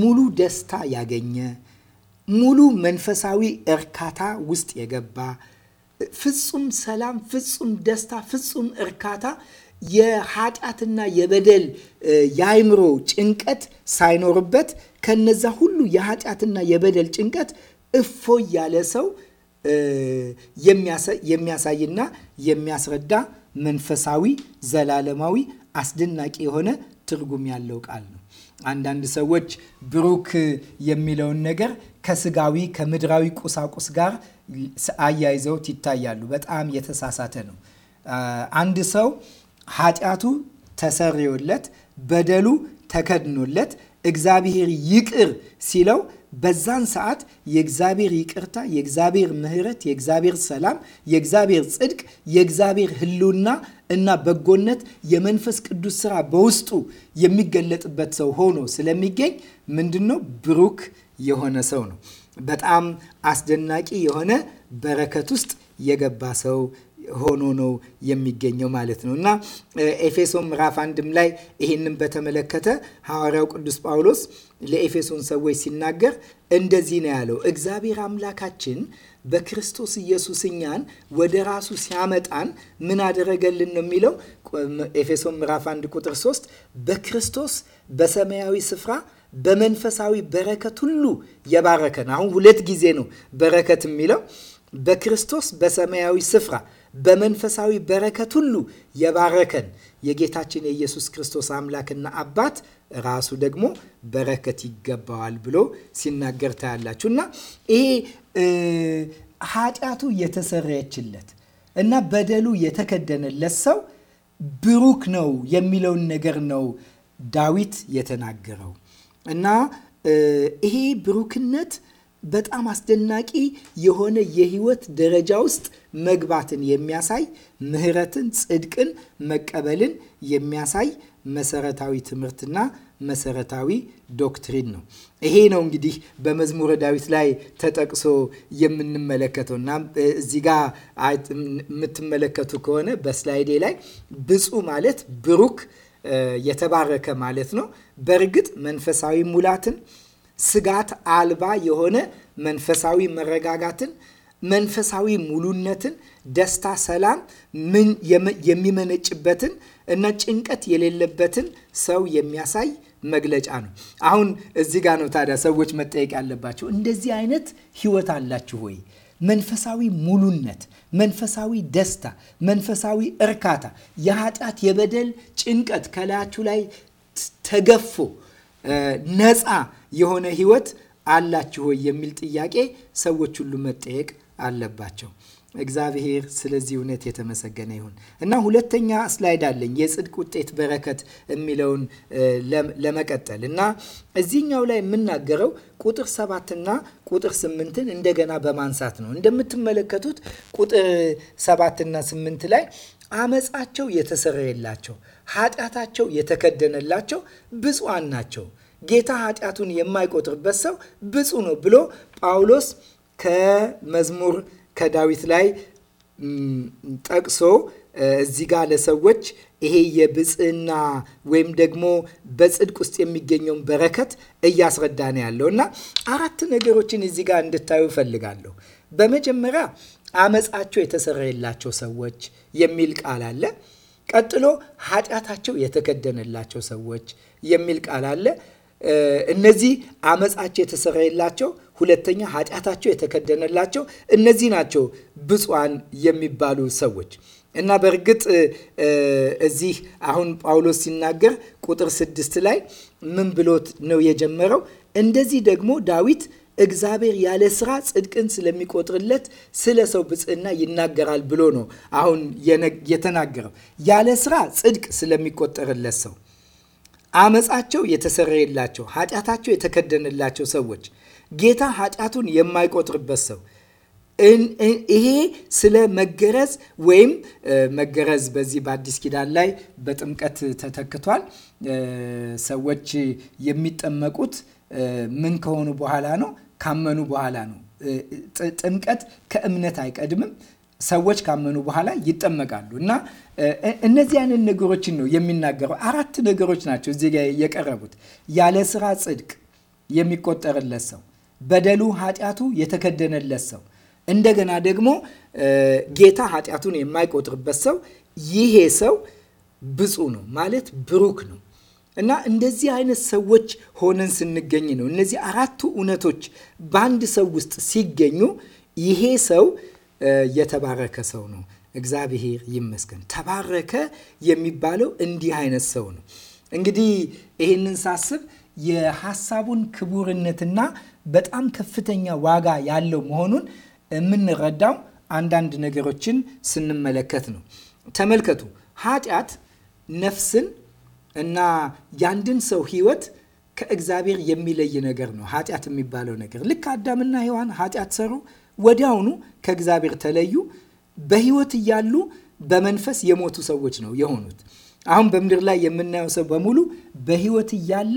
A: ሙሉ ደስታ ያገኘ፣ ሙሉ መንፈሳዊ እርካታ ውስጥ የገባ ፍጹም ሰላም፣ ፍጹም ደስታ፣ ፍጹም እርካታ የኃጢአትና የበደል የአይምሮ ጭንቀት ሳይኖርበት ከነዛ ሁሉ የኃጢአትና የበደል ጭንቀት እፎይ ያለ ሰው የሚያሳይና የሚያስረዳ መንፈሳዊ ዘላለማዊ አስደናቂ የሆነ ትርጉም ያለው ቃል ነው። አንዳንድ ሰዎች ብሩክ የሚለውን ነገር ከስጋዊ ከምድራዊ ቁሳቁስ ጋር አያይዘውት ይታያሉ። በጣም የተሳሳተ ነው። አንድ ሰው ኃጢአቱ ተሰርዮለት በደሉ ተከድኖለት እግዚአብሔር ይቅር ሲለው በዛን ሰዓት የእግዚአብሔር ይቅርታ፣ የእግዚአብሔር ምሕረት፣ የእግዚአብሔር ሰላም፣ የእግዚአብሔር ጽድቅ፣ የእግዚአብሔር ህልውና እና በጎነት የመንፈስ ቅዱስ ስራ በውስጡ የሚገለጥበት ሰው ሆኖ ስለሚገኝ ምንድን ነው ብሩክ የሆነ ሰው ነው። በጣም አስደናቂ የሆነ በረከት ውስጥ የገባ ሰው ሆኖ ነው የሚገኘው ማለት ነው እና ኤፌሶን ምዕራፍ አንድም ላይ ይህንም በተመለከተ ሐዋርያው ቅዱስ ጳውሎስ ለኤፌሶን ሰዎች ሲናገር እንደዚህ ነው ያለው። እግዚአብሔር አምላካችን በክርስቶስ ኢየሱስ እኛን ወደ ራሱ ሲያመጣን ምን አደረገልን ነው የሚለው። ኤፌሶን ምዕራፍ 1 ቁጥር 3 በክርስቶስ በሰማያዊ ስፍራ በመንፈሳዊ በረከት ሁሉ የባረከን። አሁን ሁለት ጊዜ ነው በረከት የሚለው። በክርስቶስ በሰማያዊ ስፍራ በመንፈሳዊ በረከት ሁሉ የባረከን የጌታችን የኢየሱስ ክርስቶስ አምላክና አባት ራሱ ደግሞ በረከት ይገባዋል ብሎ ሲናገር ታያላችሁ እና ይሄ ኃጢአቱ የተሰረየችለት እና በደሉ የተከደነለት ሰው ብሩክ ነው የሚለውን ነገር ነው ዳዊት የተናገረው እና ይሄ ብሩክነት በጣም አስደናቂ የሆነ የህይወት ደረጃ ውስጥ መግባትን የሚያሳይ ምህረትን ጽድቅን፣ መቀበልን የሚያሳይ መሰረታዊ ትምህርትና መሰረታዊ ዶክትሪን ነው። ይሄ ነው እንግዲህ በመዝሙረ ዳዊት ላይ ተጠቅሶ የምንመለከተው እና እዚህ ጋ የምትመለከቱ ከሆነ በስላይዴ ላይ ብፁ ማለት ብሩክ የተባረከ ማለት ነው። በእርግጥ መንፈሳዊ ሙላትን ስጋት አልባ የሆነ መንፈሳዊ መረጋጋትን፣ መንፈሳዊ ሙሉነትን፣ ደስታ፣ ሰላም ምን የሚመነጭበትን እና ጭንቀት የሌለበትን ሰው የሚያሳይ መግለጫ ነው። አሁን እዚህ ጋ ነው ታዲያ ሰዎች መጠየቅ ያለባቸው እንደዚህ አይነት ህይወት አላችሁ ወይ? መንፈሳዊ ሙሉነት፣ መንፈሳዊ ደስታ፣ መንፈሳዊ እርካታ፣ የኃጢአት የበደል ጭንቀት ከላያችሁ ላይ ተገፎ ነፃ የሆነ ህይወት አላችሁ ወይ የሚል ጥያቄ ሰዎች ሁሉ መጠየቅ አለባቸው። እግዚአብሔር ስለዚህ እውነት የተመሰገነ ይሁን እና ሁለተኛ ስላይድ አለኝ የጽድቅ ውጤት በረከት የሚለውን ለመቀጠል እና እዚህኛው ላይ የምናገረው ቁጥር ሰባትና ቁጥር ስምንትን እንደገና በማንሳት ነው። እንደምትመለከቱት ቁጥር ሰባትና ስምንት ላይ አመፃቸው የተሰረየላቸው፣ ኃጢአታቸው የተከደነላቸው ብፁዓን ናቸው። ጌታ ኃጢአቱን የማይቆጥርበት ሰው ብፁ ነው ብሎ ጳውሎስ ከመዝሙር ከዳዊት ላይ ጠቅሶ እዚህ ጋር ለሰዎች ይሄ የብፅዕና ወይም ደግሞ በጽድቅ ውስጥ የሚገኘውን በረከት እያስረዳ ነው ያለው እና አራት ነገሮችን እዚህ ጋር እንድታዩ እፈልጋለሁ። በመጀመሪያ አመፃቸው የተሰረየላቸው ሰዎች የሚል ቃል አለ። ቀጥሎ ኃጢአታቸው የተከደነላቸው ሰዎች የሚል ቃል አለ። እነዚህ አመፃቸው የተሰረየላቸው፣ ሁለተኛ ኃጢአታቸው የተከደነላቸው እነዚህ ናቸው ብፁዓን የሚባሉ ሰዎች እና በእርግጥ እዚህ አሁን ጳውሎስ ሲናገር ቁጥር ስድስት ላይ ምን ብሎት ነው የጀመረው? እንደዚህ ደግሞ ዳዊት እግዚአብሔር ያለ ስራ ጽድቅን ስለሚቆጥርለት ስለ ሰው ብፅዕና ይናገራል ብሎ ነው አሁን የተናገረው። ያለ ስራ ጽድቅ ስለሚቆጠርለት ሰው አመፃቸው የተሰረየላቸው ኃጢአታቸው የተከደነላቸው ሰዎች ጌታ ኃጢአቱን የማይቆጥርበት ሰው ይሄ ስለ መገረዝ ወይም መገረዝ በዚህ በአዲስ ኪዳን ላይ በጥምቀት ተተክቷል። ሰዎች የሚጠመቁት ምን ከሆኑ በኋላ ነው? ካመኑ በኋላ ነው። ጥምቀት ከእምነት አይቀድምም። ሰዎች ካመኑ በኋላ ይጠመቃሉ እና እነዚህ አይነት ነገሮችን ነው የሚናገረው። አራት ነገሮች ናቸው እዚህ ጋ የቀረቡት። ያለ ስራ ጽድቅ የሚቆጠርለት ሰው፣ በደሉ ኃጢአቱ የተከደነለት ሰው፣ እንደገና ደግሞ ጌታ ኃጢአቱን የማይቆጥርበት ሰው፣ ይሄ ሰው ብፁ ነው ማለት ብሩክ ነው እና እንደዚህ አይነት ሰዎች ሆነን ስንገኝ ነው እነዚህ አራቱ እውነቶች በአንድ ሰው ውስጥ ሲገኙ ይሄ ሰው የተባረከ ሰው ነው። እግዚአብሔር ይመስገን። ተባረከ የሚባለው እንዲህ አይነት ሰው ነው። እንግዲህ ይህንን ሳስብ የሀሳቡን ክቡርነትና በጣም ከፍተኛ ዋጋ ያለው መሆኑን የምንረዳው አንዳንድ ነገሮችን ስንመለከት ነው። ተመልከቱ፣ ኃጢአት ነፍስን እና ያንድን ሰው ህይወት ከእግዚአብሔር የሚለይ ነገር ነው ኃጢአት የሚባለው ነገር። ልክ አዳምና ሔዋን ኃጢአት ሰሩ፣ ወዲያውኑ ከእግዚአብሔር ተለዩ። በህይወት እያሉ በመንፈስ የሞቱ ሰዎች ነው የሆኑት። አሁን በምድር ላይ የምናየው ሰው በሙሉ በህይወት እያለ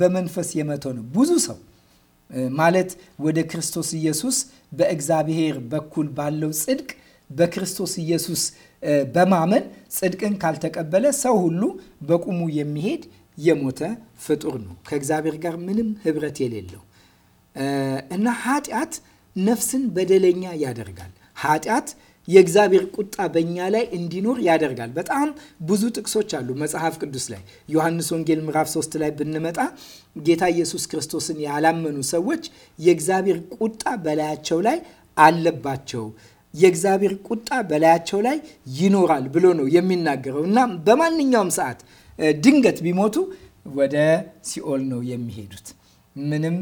A: በመንፈስ የመተ ነው። ብዙ ሰው ማለት ወደ ክርስቶስ ኢየሱስ በእግዚአብሔር በኩል ባለው ጽድቅ በክርስቶስ ኢየሱስ በማመን ጽድቅን ካልተቀበለ ሰው ሁሉ በቁሙ የሚሄድ የሞተ ፍጡር ነው፣ ከእግዚአብሔር ጋር ምንም ህብረት የሌለው እና ኃጢአት ነፍስን በደለኛ ያደርጋል። ኃጢአት የእግዚአብሔር ቁጣ በእኛ ላይ እንዲኖር ያደርጋል። በጣም ብዙ ጥቅሶች አሉ መጽሐፍ ቅዱስ ላይ። ዮሐንስ ወንጌል ምዕራፍ 3 ላይ ብንመጣ ጌታ ኢየሱስ ክርስቶስን ያላመኑ ሰዎች የእግዚአብሔር ቁጣ በላያቸው ላይ አለባቸው የእግዚአብሔር ቁጣ በላያቸው ላይ ይኖራል ብሎ ነው የሚናገረው እና በማንኛውም ሰዓት ድንገት ቢሞቱ ወደ ሲኦል ነው የሚሄዱት። ምንም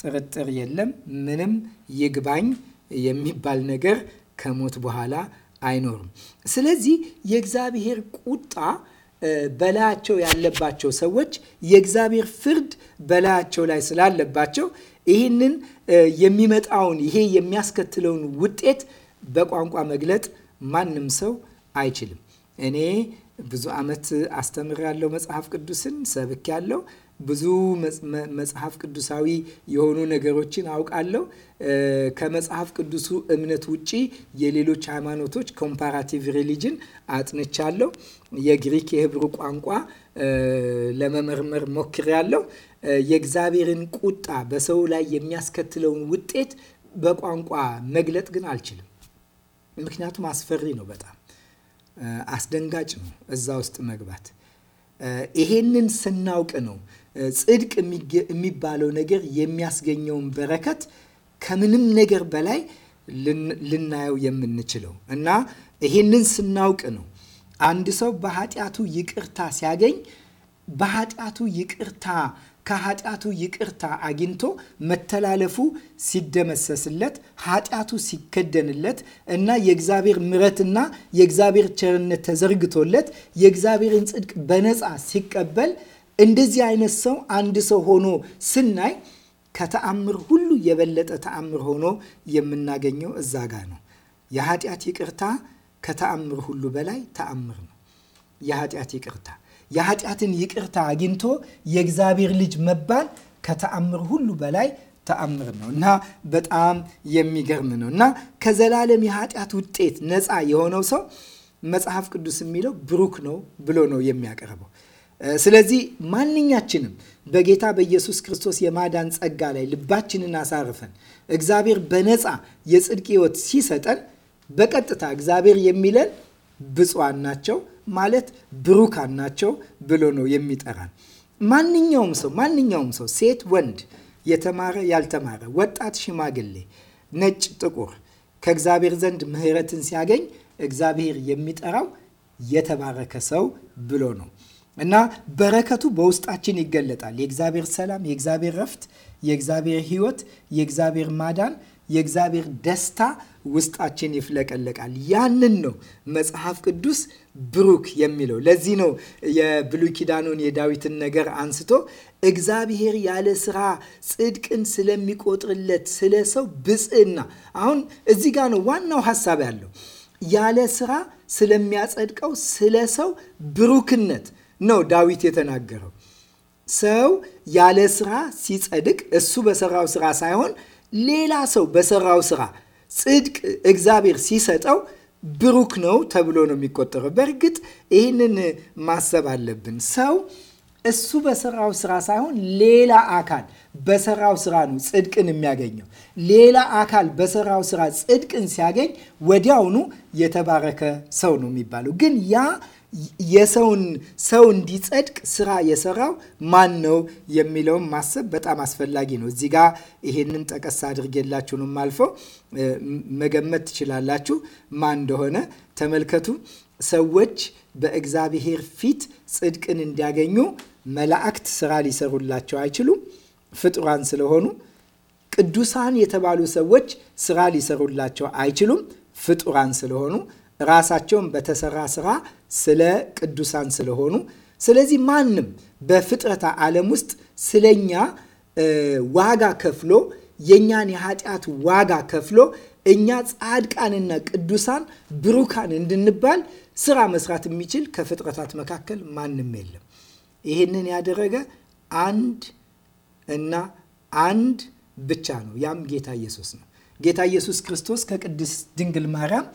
A: ጥርጥር የለም። ምንም ይግባኝ የሚባል ነገር ከሞት በኋላ አይኖርም። ስለዚህ የእግዚአብሔር ቁጣ በላያቸው ያለባቸው ሰዎች የእግዚአብሔር ፍርድ በላያቸው ላይ ስላለባቸው ይህንን የሚመጣውን ይሄ የሚያስከትለውን ውጤት በቋንቋ መግለጥ ማንም ሰው አይችልም። እኔ ብዙ ዓመት አስተምር ያለው መጽሐፍ ቅዱስን ሰብክ ያለው ብዙ መጽሐፍ ቅዱሳዊ የሆኑ ነገሮችን አውቃለሁ። ከመጽሐፍ ቅዱሱ እምነት ውጪ የሌሎች ሃይማኖቶች ኮምፓራቲቭ ሪሊጅን አጥንቻለሁ። የግሪክ የህብሩ ቋንቋ ለመመርመር ሞክሬያለሁ። የእግዚአብሔርን ቁጣ በሰው ላይ የሚያስከትለውን ውጤት በቋንቋ መግለጥ ግን አልችልም። ምክንያቱም አስፈሪ ነው፣ በጣም አስደንጋጭ ነው እዛ ውስጥ መግባት። ይሄንን ስናውቅ ነው ጽድቅ የሚባለው ነገር የሚያስገኘውን በረከት ከምንም ነገር በላይ ልናየው የምንችለው እና ይሄንን ስናውቅ ነው አንድ ሰው በኃጢአቱ ይቅርታ ሲያገኝ በኃጢአቱ ይቅርታ ከኃጢአቱ ይቅርታ አግኝቶ መተላለፉ ሲደመሰስለት ኃጢአቱ ሲከደንለት እና የእግዚአብሔር ምረትና የእግዚአብሔር ቸርነት ተዘርግቶለት የእግዚአብሔርን ጽድቅ በነፃ ሲቀበል እንደዚህ አይነት ሰው አንድ ሰው ሆኖ ስናይ ከተአምር ሁሉ የበለጠ ተአምር ሆኖ የምናገኘው እዛ ጋ ነው። የኃጢአት ይቅርታ ከተአምር ሁሉ በላይ ተአምር ነው። የኃጢአት ይቅርታ የኃጢአትን ይቅርታ አግኝቶ የእግዚአብሔር ልጅ መባል ከተአምር ሁሉ በላይ ተአምር ነው እና በጣም የሚገርም ነው እና ከዘላለም የኃጢአት ውጤት ነፃ የሆነው ሰው መጽሐፍ ቅዱስ የሚለው ብሩክ ነው ብሎ ነው የሚያቀርበው። ስለዚህ ማንኛችንም በጌታ በኢየሱስ ክርስቶስ የማዳን ጸጋ ላይ ልባችንን አሳርፈን እግዚአብሔር በነፃ የጽድቅ ሕይወት ሲሰጠን በቀጥታ እግዚአብሔር የሚለን ብፁዓን ናቸው ማለት ብሩካን ናቸው ብሎ ነው የሚጠራን። ማንኛውም ሰው ማንኛውም ሰው ሴት፣ ወንድ፣ የተማረ፣ ያልተማረ፣ ወጣት፣ ሽማግሌ፣ ነጭ፣ ጥቁር ከእግዚአብሔር ዘንድ ምሕረትን ሲያገኝ እግዚአብሔር የሚጠራው የተባረከ ሰው ብሎ ነው እና በረከቱ በውስጣችን ይገለጣል። የእግዚአብሔር ሰላም፣ የእግዚአብሔር ረፍት፣ የእግዚአብሔር ሕይወት፣ የእግዚአብሔር ማዳን፣ የእግዚአብሔር ደስታ ውስጣችን ይፍለቀለቃል። ያንን ነው መጽሐፍ ቅዱስ ብሩክ የሚለው ለዚህ ነው የብሉይ ኪዳኑን የዳዊትን ነገር አንስቶ እግዚአብሔር ያለ ስራ ጽድቅን ስለሚቆጥርለት ስለ ሰው ብፅዕና። አሁን እዚህ ጋ ነው ዋናው ሀሳብ ያለው ያለ ስራ ስለሚያጸድቀው ስለ ሰው ብሩክነት ነው ዳዊት የተናገረው። ሰው ያለ ስራ ሲጸድቅ እሱ በሰራው ስራ ሳይሆን ሌላ ሰው በሰራው ስራ ጽድቅ እግዚአብሔር ሲሰጠው ብሩክ ነው ተብሎ ነው የሚቆጠረው። በእርግጥ ይህንን ማሰብ አለብን። ሰው እሱ በሰራው ስራ ሳይሆን ሌላ አካል በሰራው ስራ ነው ጽድቅን የሚያገኘው። ሌላ አካል በሰራው ስራ ጽድቅን ሲያገኝ ወዲያውኑ የተባረከ ሰው ነው የሚባለው ግን ያ የሰውን ሰው እንዲጸድቅ ስራ የሰራው ማን ነው የሚለውን ማሰብ በጣም አስፈላጊ ነው። እዚህ ጋ ይሄንን ጠቀስ አድርጌላችሁንም አልፈው መገመት ትችላላችሁ ማን እንደሆነ ተመልከቱ። ሰዎች በእግዚአብሔር ፊት ጽድቅን እንዲያገኙ መላእክት ስራ ሊሰሩላቸው አይችሉም፣ ፍጡራን ስለሆኑ። ቅዱሳን የተባሉ ሰዎች ስራ ሊሰሩላቸው አይችሉም፣ ፍጡራን ስለሆኑ ራሳቸውን በተሰራ ስራ ስለ ቅዱሳን ስለሆኑ፣ ስለዚህ ማንም በፍጥረታ ዓለም ውስጥ ስለኛ ዋጋ ከፍሎ የእኛን የኃጢአት ዋጋ ከፍሎ እኛ ጻድቃንና ቅዱሳን ብሩካን እንድንባል ስራ መስራት የሚችል ከፍጥረታት መካከል ማንም የለም። ይህንን ያደረገ አንድ እና አንድ ብቻ ነው። ያም ጌታ ኢየሱስ ነው። ጌታ ኢየሱስ ክርስቶስ ከቅድስት ድንግል ማርያም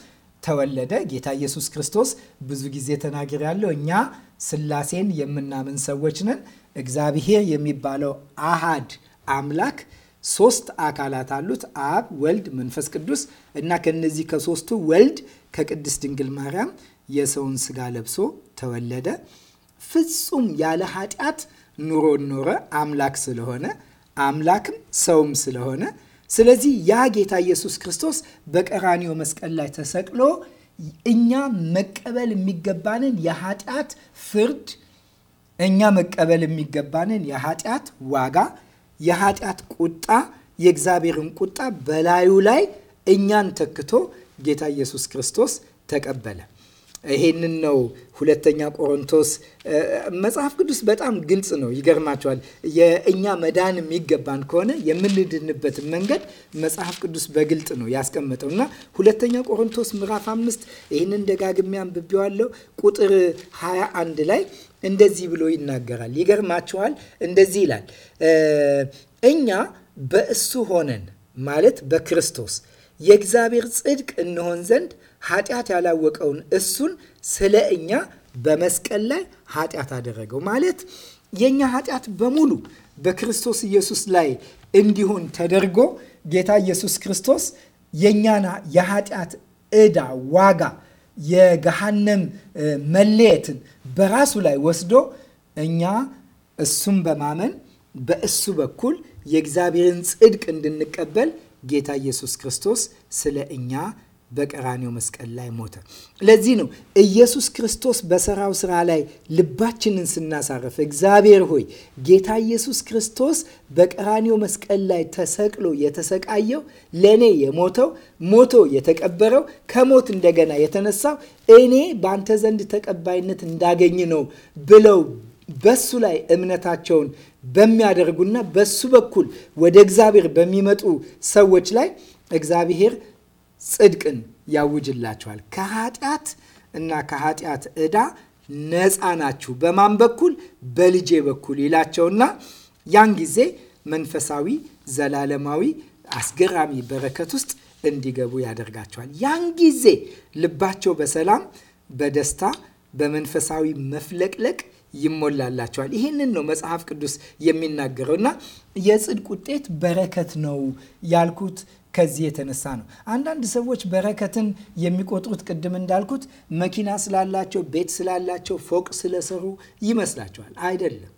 A: ተወለደ። ጌታ ኢየሱስ ክርስቶስ ብዙ ጊዜ ተናግር ያለው እኛ ስላሴን የምናምን ሰዎች ነን። እግዚአብሔር የሚባለው አሃድ አምላክ ሶስት አካላት አሉት፣ አብ፣ ወልድ፣ መንፈስ ቅዱስ እና ከነዚህ ከሶስቱ ወልድ ከቅድስት ድንግል ማርያም የሰውን ስጋ ለብሶ ተወለደ። ፍጹም ያለ ኃጢአት ኑሮን ኖረ። አምላክ ስለሆነ አምላክም ሰውም ስለሆነ ስለዚህ ያ ጌታ ኢየሱስ ክርስቶስ በቀራኒዮ መስቀል ላይ ተሰቅሎ እኛ መቀበል የሚገባንን የኃጢአት ፍርድ እኛ መቀበል የሚገባንን የኃጢአት ዋጋ፣ የኃጢአት ቁጣ፣ የእግዚአብሔርን ቁጣ በላዩ ላይ እኛን ተክቶ ጌታ ኢየሱስ ክርስቶስ ተቀበለ። ይሄንን ነው ሁለተኛ ቆሮንቶስ። መጽሐፍ ቅዱስ በጣም ግልጽ ነው። ይገርማቸዋል። የእኛ መዳን የሚገባን ከሆነ የምንድንበትን መንገድ መጽሐፍ ቅዱስ በግልጥ ነው ያስቀመጠው እና ሁለተኛ ቆሮንቶስ ምዕራፍ አምስት ይህንን ደጋግሜ አንብቤዋለሁ ቁጥር 21 ላይ እንደዚህ ብሎ ይናገራል። ይገርማቸዋል እንደዚህ ይላል እኛ በእሱ ሆነን ማለት በክርስቶስ የእግዚአብሔር ጽድቅ እንሆን ዘንድ ኃጢአት ያላወቀውን እሱን ስለ እኛ በመስቀል ላይ ኃጢአት አደረገው ማለት የእኛ ኃጢአት በሙሉ በክርስቶስ ኢየሱስ ላይ እንዲሆን ተደርጎ ጌታ ኢየሱስ ክርስቶስ የእኛና የኃጢአት ዕዳ ዋጋ የገሃነም መለየትን በራሱ ላይ ወስዶ እኛ እሱን በማመን በእሱ በኩል የእግዚአብሔርን ጽድቅ እንድንቀበል ጌታ ኢየሱስ ክርስቶስ ስለ እኛ በቀራኔው መስቀል ላይ ሞተ። ለዚህ ነው ኢየሱስ ክርስቶስ በሰራው ስራ ላይ ልባችንን ስናሳርፍ እግዚአብሔር ሆይ ጌታ ኢየሱስ ክርስቶስ በቀራኔው መስቀል ላይ ተሰቅሎ የተሰቃየው ለእኔ የሞተው ሞቶ የተቀበረው ከሞት እንደገና የተነሳው እኔ በአንተ ዘንድ ተቀባይነት እንዳገኝ ነው ብለው በሱ ላይ እምነታቸውን በሚያደርጉና በሱ በኩል ወደ እግዚአብሔር በሚመጡ ሰዎች ላይ እግዚአብሔር ጽድቅን ያውጅላችኋል። ከኃጢአት እና ከኃጢአት ዕዳ ነፃ ናችሁ። በማን በኩል? በልጄ በኩል ይላቸውና ያን ጊዜ መንፈሳዊ ዘላለማዊ አስገራሚ በረከት ውስጥ እንዲገቡ ያደርጋቸዋል። ያን ጊዜ ልባቸው በሰላም በደስታ በመንፈሳዊ መፍለቅለቅ ይሞላላቸዋል። ይህንን ነው መጽሐፍ ቅዱስ የሚናገረው እና የጽድቅ ውጤት በረከት ነው ያልኩት ከዚህ የተነሳ ነው። አንዳንድ ሰዎች በረከትን የሚቆጥሩት ቅድም እንዳልኩት መኪና ስላላቸው፣ ቤት ስላላቸው፣ ፎቅ ስለሰሩ ይመስላቸዋል። አይደለም።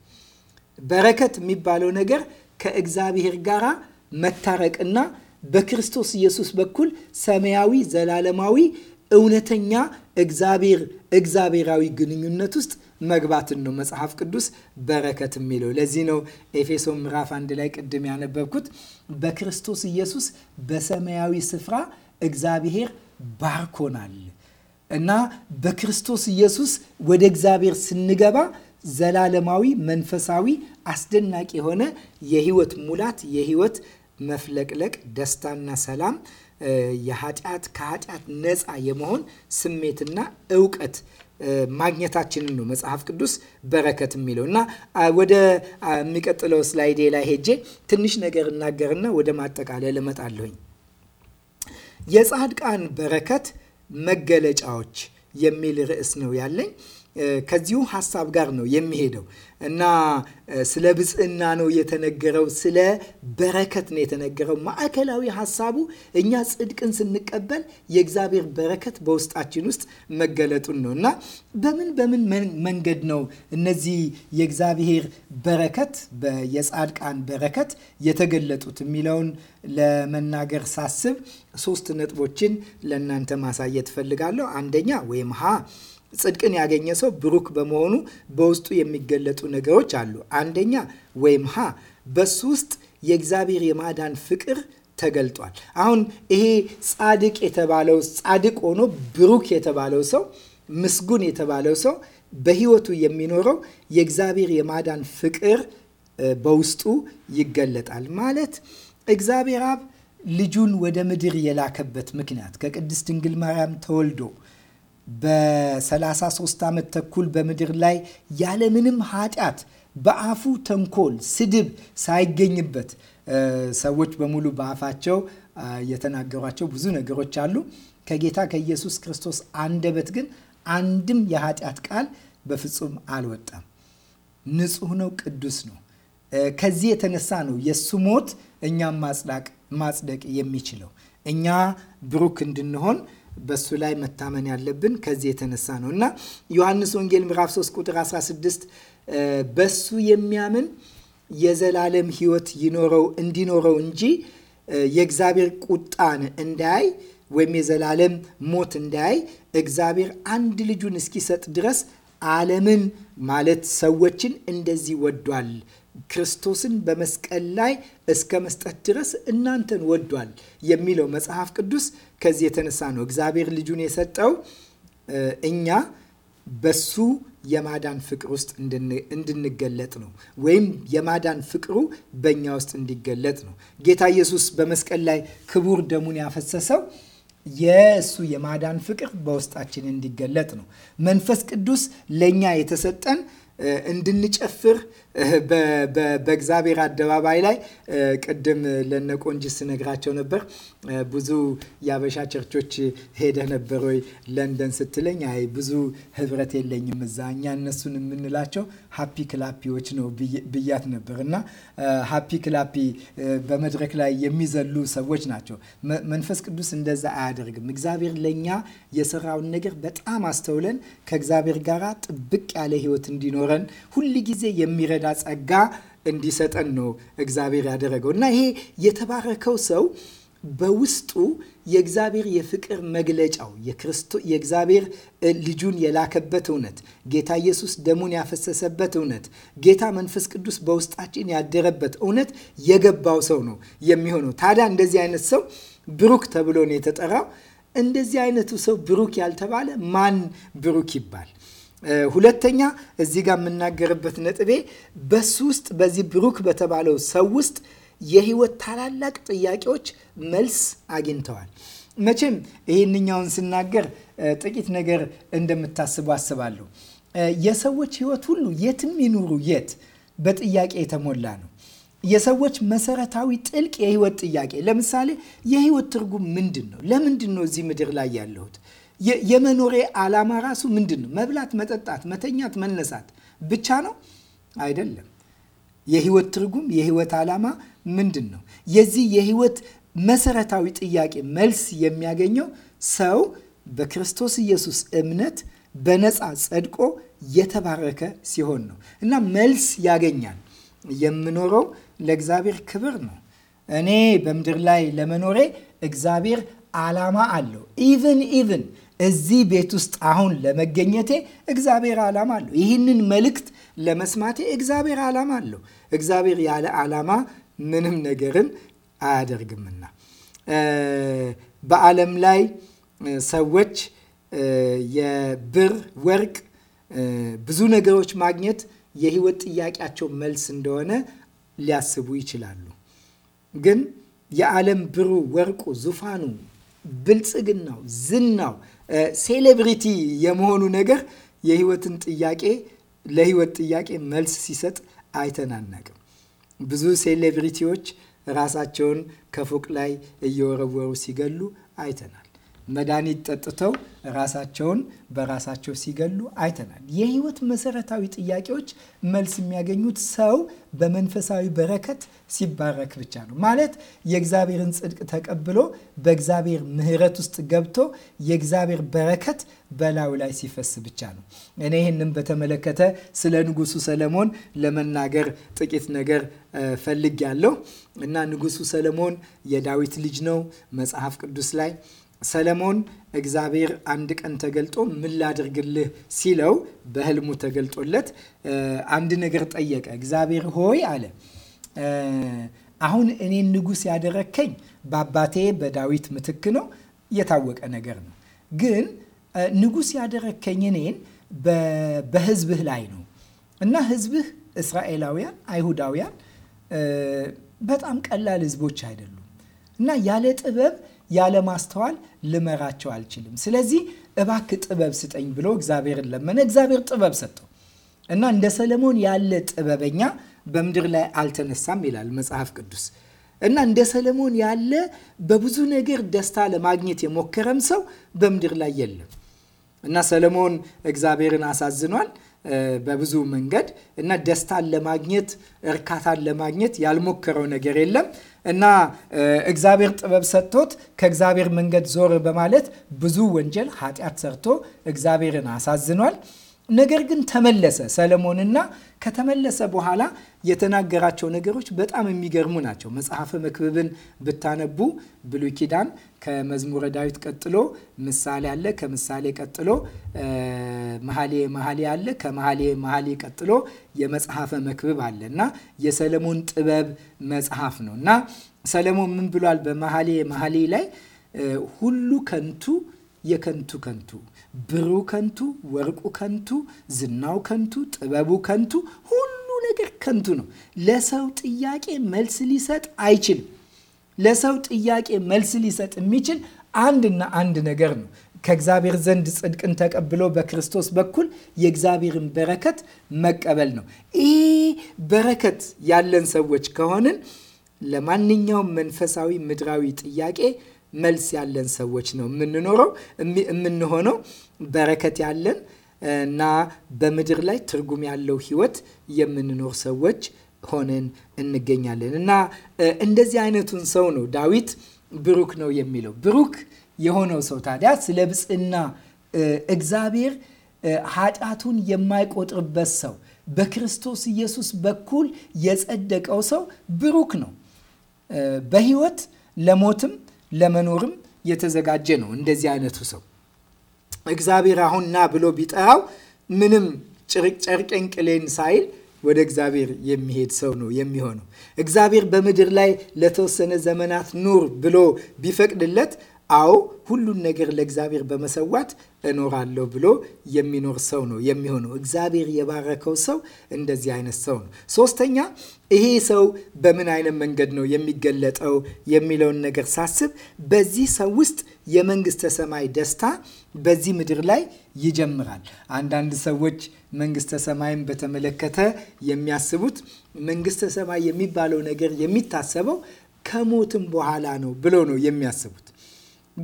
A: በረከት የሚባለው ነገር ከእግዚአብሔር ጋር መታረቅና በክርስቶስ ኢየሱስ በኩል ሰማያዊ ዘላለማዊ እውነተኛ እግዚአብሔር እግዚአብሔራዊ ግንኙነት ውስጥ መግባትን ነው መጽሐፍ ቅዱስ በረከት የሚለው። ለዚህ ነው ኤፌሶን ምዕራፍ አንድ ላይ ቅድም ያነበብኩት በክርስቶስ ኢየሱስ በሰማያዊ ስፍራ እግዚአብሔር ባርኮናል እና በክርስቶስ ኢየሱስ ወደ እግዚአብሔር ስንገባ ዘላለማዊ መንፈሳዊ አስደናቂ የሆነ የህይወት ሙላት፣ የህይወት መፍለቅለቅ፣ ደስታና ሰላም የኃጢአት ከኃጢአት ነፃ የመሆን ስሜትና እውቀት ማግኘታችንን ነው መጽሐፍ ቅዱስ በረከት የሚለው እና ወደ የሚቀጥለው ስላይዴ ላይ ሄጄ ትንሽ ነገር እናገርና ወደ ማጠቃለያ ልመጣለሁኝ። የጻድቃን በረከት መገለጫዎች የሚል ርዕስ ነው ያለኝ። ከዚሁ ሀሳብ ጋር ነው የሚሄደው እና ስለ ብፅዕና ነው የተነገረው፣ ስለ በረከት ነው የተነገረው። ማዕከላዊ ሀሳቡ እኛ ጽድቅን ስንቀበል የእግዚአብሔር በረከት በውስጣችን ውስጥ መገለጡን ነው እና በምን በምን መንገድ ነው እነዚህ የእግዚአብሔር በረከት የጻድቃን በረከት የተገለጡት የሚለውን ለመናገር ሳስብ ሶስት ነጥቦችን ለእናንተ ማሳየት ፈልጋለሁ። አንደኛ ወይም ሀ ጽድቅን ያገኘ ሰው ብሩክ በመሆኑ በውስጡ የሚገለጡ ነገሮች አሉ። አንደኛ ወይም ሀ በሱ ውስጥ የእግዚአብሔር የማዳን ፍቅር ተገልጧል። አሁን ይሄ ጻድቅ የተባለው ጻድቅ ሆኖ ብሩክ የተባለው ሰው ምስጉን የተባለው ሰው በህይወቱ የሚኖረው የእግዚአብሔር የማዳን ፍቅር በውስጡ ይገለጣል ማለት እግዚአብሔር አብ ልጁን ወደ ምድር የላከበት ምክንያት ከቅድስት ድንግል ማርያም ተወልዶ በ33 ዓመት ተኩል በምድር ላይ ያለምንም ኃጢአት በአፉ ተንኮል፣ ስድብ ሳይገኝበት ሰዎች በሙሉ በአፋቸው የተናገሯቸው ብዙ ነገሮች አሉ። ከጌታ ከኢየሱስ ክርስቶስ አንደበት ግን አንድም የኃጢአት ቃል በፍጹም አልወጣም። ንጹህ ነው፣ ቅዱስ ነው። ከዚህ የተነሳ ነው የእሱ ሞት እኛም ማጽደቅ የሚችለው እኛ ብሩክ እንድንሆን በሱ ላይ መታመን ያለብን ከዚህ የተነሳ ነው እና ዮሐንስ ወንጌል ምዕራፍ 3 ቁጥር 16 በሱ የሚያምን የዘላለም ሕይወት ይኖረው እንዲኖረው እንጂ የእግዚአብሔር ቁጣን እንዳያይ ወይም የዘላለም ሞት እንዳያይ እግዚአብሔር አንድ ልጁን እስኪሰጥ ድረስ ዓለምን ማለት ሰዎችን እንደዚህ ወዷል ክርስቶስን በመስቀል ላይ እስከ መስጠት ድረስ እናንተን ወዷል የሚለው መጽሐፍ ቅዱስ ከዚህ የተነሳ ነው። እግዚአብሔር ልጁን የሰጠው እኛ በሱ የማዳን ፍቅር ውስጥ እንድንገለጥ ነው፣ ወይም የማዳን ፍቅሩ በእኛ ውስጥ እንዲገለጥ ነው። ጌታ ኢየሱስ በመስቀል ላይ ክቡር ደሙን ያፈሰሰው የእሱ የማዳን ፍቅር በውስጣችን እንዲገለጥ ነው። መንፈስ ቅዱስ ለእኛ የተሰጠን እንድንጨፍር በእግዚአብሔር አደባባይ ላይ ቅድም ለነቆንጅ ስነግራቸው ነበር። ብዙ የአበሻ ቸርቾች ሄደህ ነበር ወይ ለንደን ስትለኝ፣ አይ ብዙ ህብረት የለኝም እዛ እኛ እነሱን የምንላቸው ሀፒ ክላፒዎች ነው ብያት ነበር። እና ሀፒ ክላፒ በመድረክ ላይ የሚዘሉ ሰዎች ናቸው። መንፈስ ቅዱስ እንደዛ አያደርግም። እግዚአብሔር ለእኛ የሰራውን ነገር በጣም አስተውለን ከእግዚአብሔር ጋር ጥብቅ ያለ ህይወት እንዲኖረን ጊዜ የሚረዳ ጸጋ እንዲሰጠን ነው እግዚአብሔር ያደረገው እና ይሄ የተባረከው ሰው በውስጡ የእግዚአብሔር የፍቅር መግለጫው የእግዚአብሔር ልጁን የላከበት እውነት፣ ጌታ ኢየሱስ ደሙን ያፈሰሰበት እውነት፣ ጌታ መንፈስ ቅዱስ በውስጣችን ያደረበት እውነት የገባው ሰው ነው የሚሆነው። ታዲያ እንደዚህ አይነት ሰው ብሩክ ተብሎ ነው የተጠራው። እንደዚህ አይነቱ ሰው ብሩክ ያልተባለ ማን ብሩክ ይባል? ሁለተኛ እዚህ ጋር የምናገርበት ነጥቤ በሱ ውስጥ በዚህ ብሩክ በተባለው ሰው ውስጥ የህይወት ታላላቅ ጥያቄዎች መልስ አግኝተዋል። መቼም ይህንኛውን ስናገር ጥቂት ነገር እንደምታስቡ አስባለሁ። የሰዎች ህይወት ሁሉ የትም ይኑሩ የት በጥያቄ የተሞላ ነው። የሰዎች መሰረታዊ ጥልቅ የህይወት ጥያቄ ለምሳሌ የህይወት ትርጉም ምንድን ነው? ለምንድን ነው እዚህ ምድር ላይ ያለሁት? የመኖሬ ዓላማ ራሱ ምንድን ነው? መብላት፣ መጠጣት፣ መተኛት፣ መነሳት ብቻ ነው? አይደለም። የህይወት ትርጉም የህይወት ዓላማ ምንድን ነው? የዚህ የህይወት መሰረታዊ ጥያቄ መልስ የሚያገኘው ሰው በክርስቶስ ኢየሱስ እምነት በነፃ ጸድቆ የተባረከ ሲሆን ነው እና መልስ ያገኛል። የምኖረው ለእግዚአብሔር ክብር ነው። እኔ በምድር ላይ ለመኖሬ እግዚአብሔር ዓላማ አለው ኢቨን ኢቨን እዚህ ቤት ውስጥ አሁን ለመገኘቴ እግዚአብሔር ዓላማ አለው። ይህንን መልእክት ለመስማቴ እግዚአብሔር ዓላማ አለው። እግዚአብሔር ያለ ዓላማ ምንም ነገርን አያደርግምና በዓለም ላይ ሰዎች የብር፣ ወርቅ፣ ብዙ ነገሮች ማግኘት የህይወት ጥያቄያቸው መልስ እንደሆነ ሊያስቡ ይችላሉ። ግን የዓለም ብሩ፣ ወርቁ፣ ዙፋኑ፣ ብልጽግናው፣ ዝናው ሴሌብሪቲ የመሆኑ ነገር የህይወትን ጥያቄ ለህይወት ጥያቄ መልስ ሲሰጥ አይተናናቅም። ብዙ ሴሌብሪቲዎች ራሳቸውን ከፎቅ ላይ እየወረወሩ ሲገሉ አይተናል። መድኃኒት ጠጥተው ራሳቸውን በራሳቸው ሲገሉ አይተናል። የህይወት መሰረታዊ ጥያቄዎች መልስ የሚያገኙት ሰው በመንፈሳዊ በረከት ሲባረክ ብቻ ነው። ማለት የእግዚአብሔርን ጽድቅ ተቀብሎ በእግዚአብሔር ምሕረት ውስጥ ገብቶ የእግዚአብሔር በረከት በላዩ ላይ ሲፈስ ብቻ ነው። እኔ ይህንም በተመለከተ ስለ ንጉሱ ሰለሞን ለመናገር ጥቂት ነገር ፈልግ ያለው እና ንጉሱ ሰለሞን የዳዊት ልጅ ነው መጽሐፍ ቅዱስ ላይ ሰለሞን እግዚአብሔር አንድ ቀን ተገልጦ ምን ላድርግልህ ሲለው በህልሙ ተገልጦለት አንድ ነገር ጠየቀ። እግዚአብሔር ሆይ አለ አሁን እኔን ንጉሥ ያደረከኝ በአባቴ በዳዊት ምትክ ነው፣ የታወቀ ነገር ነው። ግን ንጉሥ ያደረከኝ እኔን በህዝብህ ላይ ነው እና ህዝብህ እስራኤላውያን፣ አይሁዳውያን በጣም ቀላል ህዝቦች አይደሉም እና ያለ ጥበብ ያለ ማስተዋል ልመራቸው አልችልም። ስለዚህ እባክ ጥበብ ስጠኝ ብሎ እግዚአብሔርን ለመነ። እግዚአብሔር ጥበብ ሰጠው እና እንደ ሰለሞን ያለ ጥበበኛ በምድር ላይ አልተነሳም ይላል መጽሐፍ ቅዱስ። እና እንደ ሰለሞን ያለ በብዙ ነገር ደስታ ለማግኘት የሞከረም ሰው በምድር ላይ የለም። እና ሰለሞን እግዚአብሔርን አሳዝኗል። በብዙ መንገድ እና ደስታን ለማግኘት እርካታን ለማግኘት ያልሞከረው ነገር የለም እና እግዚአብሔር ጥበብ ሰጥቶት ከእግዚአብሔር መንገድ ዞር በማለት ብዙ ወንጀል ኃጢአት ሰርቶ እግዚአብሔርን አሳዝኗል። ነገር ግን ተመለሰ ሰለሞንና ከተመለሰ በኋላ የተናገራቸው ነገሮች በጣም የሚገርሙ ናቸው። መጽሐፈ መክብብን ብታነቡ ብሉይ ኪዳን ከመዝሙረ ዳዊት ቀጥሎ ምሳሌ አለ። ከምሳሌ ቀጥሎ መኃልየ መኃልይ አለ። ከመሌ መሀሌ ቀጥሎ የመጽሐፈ መክብብ አለ እና የሰለሞን ጥበብ መጽሐፍ ነው እና ሰለሞን ምን ብሏል? በመኃልየ መሀሌ ላይ ሁሉ ከንቱ የከንቱ ከንቱ፣ ብሩ ከንቱ፣ ወርቁ ከንቱ፣ ዝናው ከንቱ፣ ጥበቡ ከንቱ፣ ሁሉ ነገር ከንቱ ነው። ለሰው ጥያቄ መልስ ሊሰጥ አይችልም። ለሰው ጥያቄ መልስ ሊሰጥ የሚችል አንድና አንድ ነገር ነው። ከእግዚአብሔር ዘንድ ጽድቅን ተቀብሎ በክርስቶስ በኩል የእግዚአብሔርን በረከት መቀበል ነው። ይህ በረከት ያለን ሰዎች ከሆንን ለማንኛውም መንፈሳዊ ምድራዊ ጥያቄ መልስ ያለን ሰዎች ነው የምንኖረው የምንሆነው በረከት ያለን እና በምድር ላይ ትርጉም ያለው ህይወት የምንኖር ሰዎች ሆነን እንገኛለን እና እንደዚህ አይነቱን ሰው ነው ዳዊት ብሩክ ነው የሚለው። ብሩክ የሆነው ሰው ታዲያ ስለ ብፅና እግዚአብሔር ኃጢአቱን የማይቆጥርበት ሰው በክርስቶስ ኢየሱስ በኩል የጸደቀው ሰው ብሩክ ነው በህይወት ለሞትም ለመኖርም የተዘጋጀ ነው። እንደዚህ አይነቱ ሰው እግዚአብሔር አሁን ና ብሎ ቢጠራው ምንም ጨርቄን ቅሌን ሳይል ወደ እግዚአብሔር የሚሄድ ሰው ነው የሚሆነው። እግዚአብሔር በምድር ላይ ለተወሰነ ዘመናት ኑር ብሎ ቢፈቅድለት አዎ ሁሉን ነገር ለእግዚአብሔር በመሰዋት እኖራለሁ ብሎ የሚኖር ሰው ነው የሚሆነው። እግዚአብሔር የባረከው ሰው እንደዚህ አይነት ሰው ነው። ሶስተኛ ይሄ ሰው በምን አይነት መንገድ ነው የሚገለጠው የሚለውን ነገር ሳስብ በዚህ ሰው ውስጥ የመንግስተ ሰማይ ደስታ በዚህ ምድር ላይ ይጀምራል። አንዳንድ ሰዎች መንግስተ ሰማይን በተመለከተ የሚያስቡት መንግስተ ሰማይ የሚባለው ነገር የሚታሰበው ከሞትም በኋላ ነው ብሎ ነው የሚያስቡት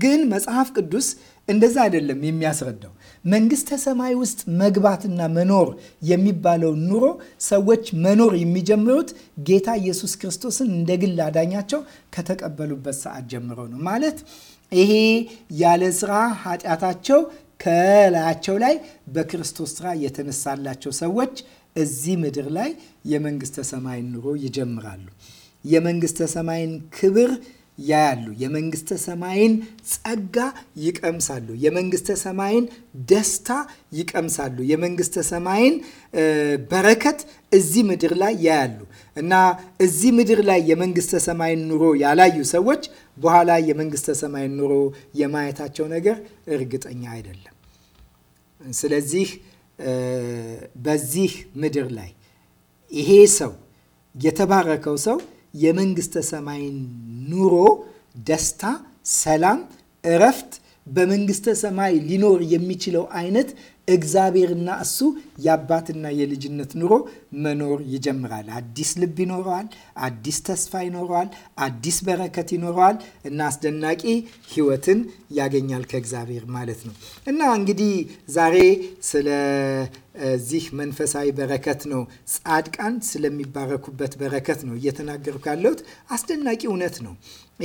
A: ግን መጽሐፍ ቅዱስ እንደዛ አይደለም የሚያስረዳው። መንግስተ ሰማይ ውስጥ መግባትና መኖር የሚባለው ኑሮ ሰዎች መኖር የሚጀምሩት ጌታ ኢየሱስ ክርስቶስን እንደ ግል አዳኛቸው ከተቀበሉበት ሰዓት ጀምሮ ነው። ማለት ይሄ ያለ ስራ ኃጢአታቸው ከላያቸው ላይ በክርስቶስ ስራ የተነሳላቸው ሰዎች እዚህ ምድር ላይ የመንግስተ ሰማይን ኑሮ ይጀምራሉ። የመንግስተ ሰማይን ክብር ያያሉ፣ የመንግስተ ሰማይን ጸጋ ይቀምሳሉ፣ የመንግስተ ሰማይን ደስታ ይቀምሳሉ፣ የመንግስተ ሰማይን በረከት እዚህ ምድር ላይ ያያሉ እና እዚህ ምድር ላይ የመንግስተ ሰማይን ኑሮ ያላዩ ሰዎች በኋላ የመንግስተ ሰማይን ኑሮ የማየታቸው ነገር እርግጠኛ አይደለም። ስለዚህ በዚህ ምድር ላይ ይሄ ሰው የተባረከው ሰው የመንግስተ ሰማይን ኑሮ፣ ደስታ፣ ሰላም፣ እረፍት በመንግስተ ሰማይ ሊኖር የሚችለው አይነት እግዚአብሔርና እሱ የአባትና የልጅነት ኑሮ መኖር ይጀምራል። አዲስ ልብ ይኖረዋል። አዲስ ተስፋ ይኖረዋል። አዲስ በረከት ይኖረዋል እና አስደናቂ ህይወትን ያገኛል ከእግዚአብሔር ማለት ነው። እና እንግዲህ ዛሬ ስለ እዚህ መንፈሳዊ በረከት ነው። ጻድቃን ስለሚባረኩበት በረከት ነው እየተናገርኩ ካለሁት አስደናቂ እውነት ነው።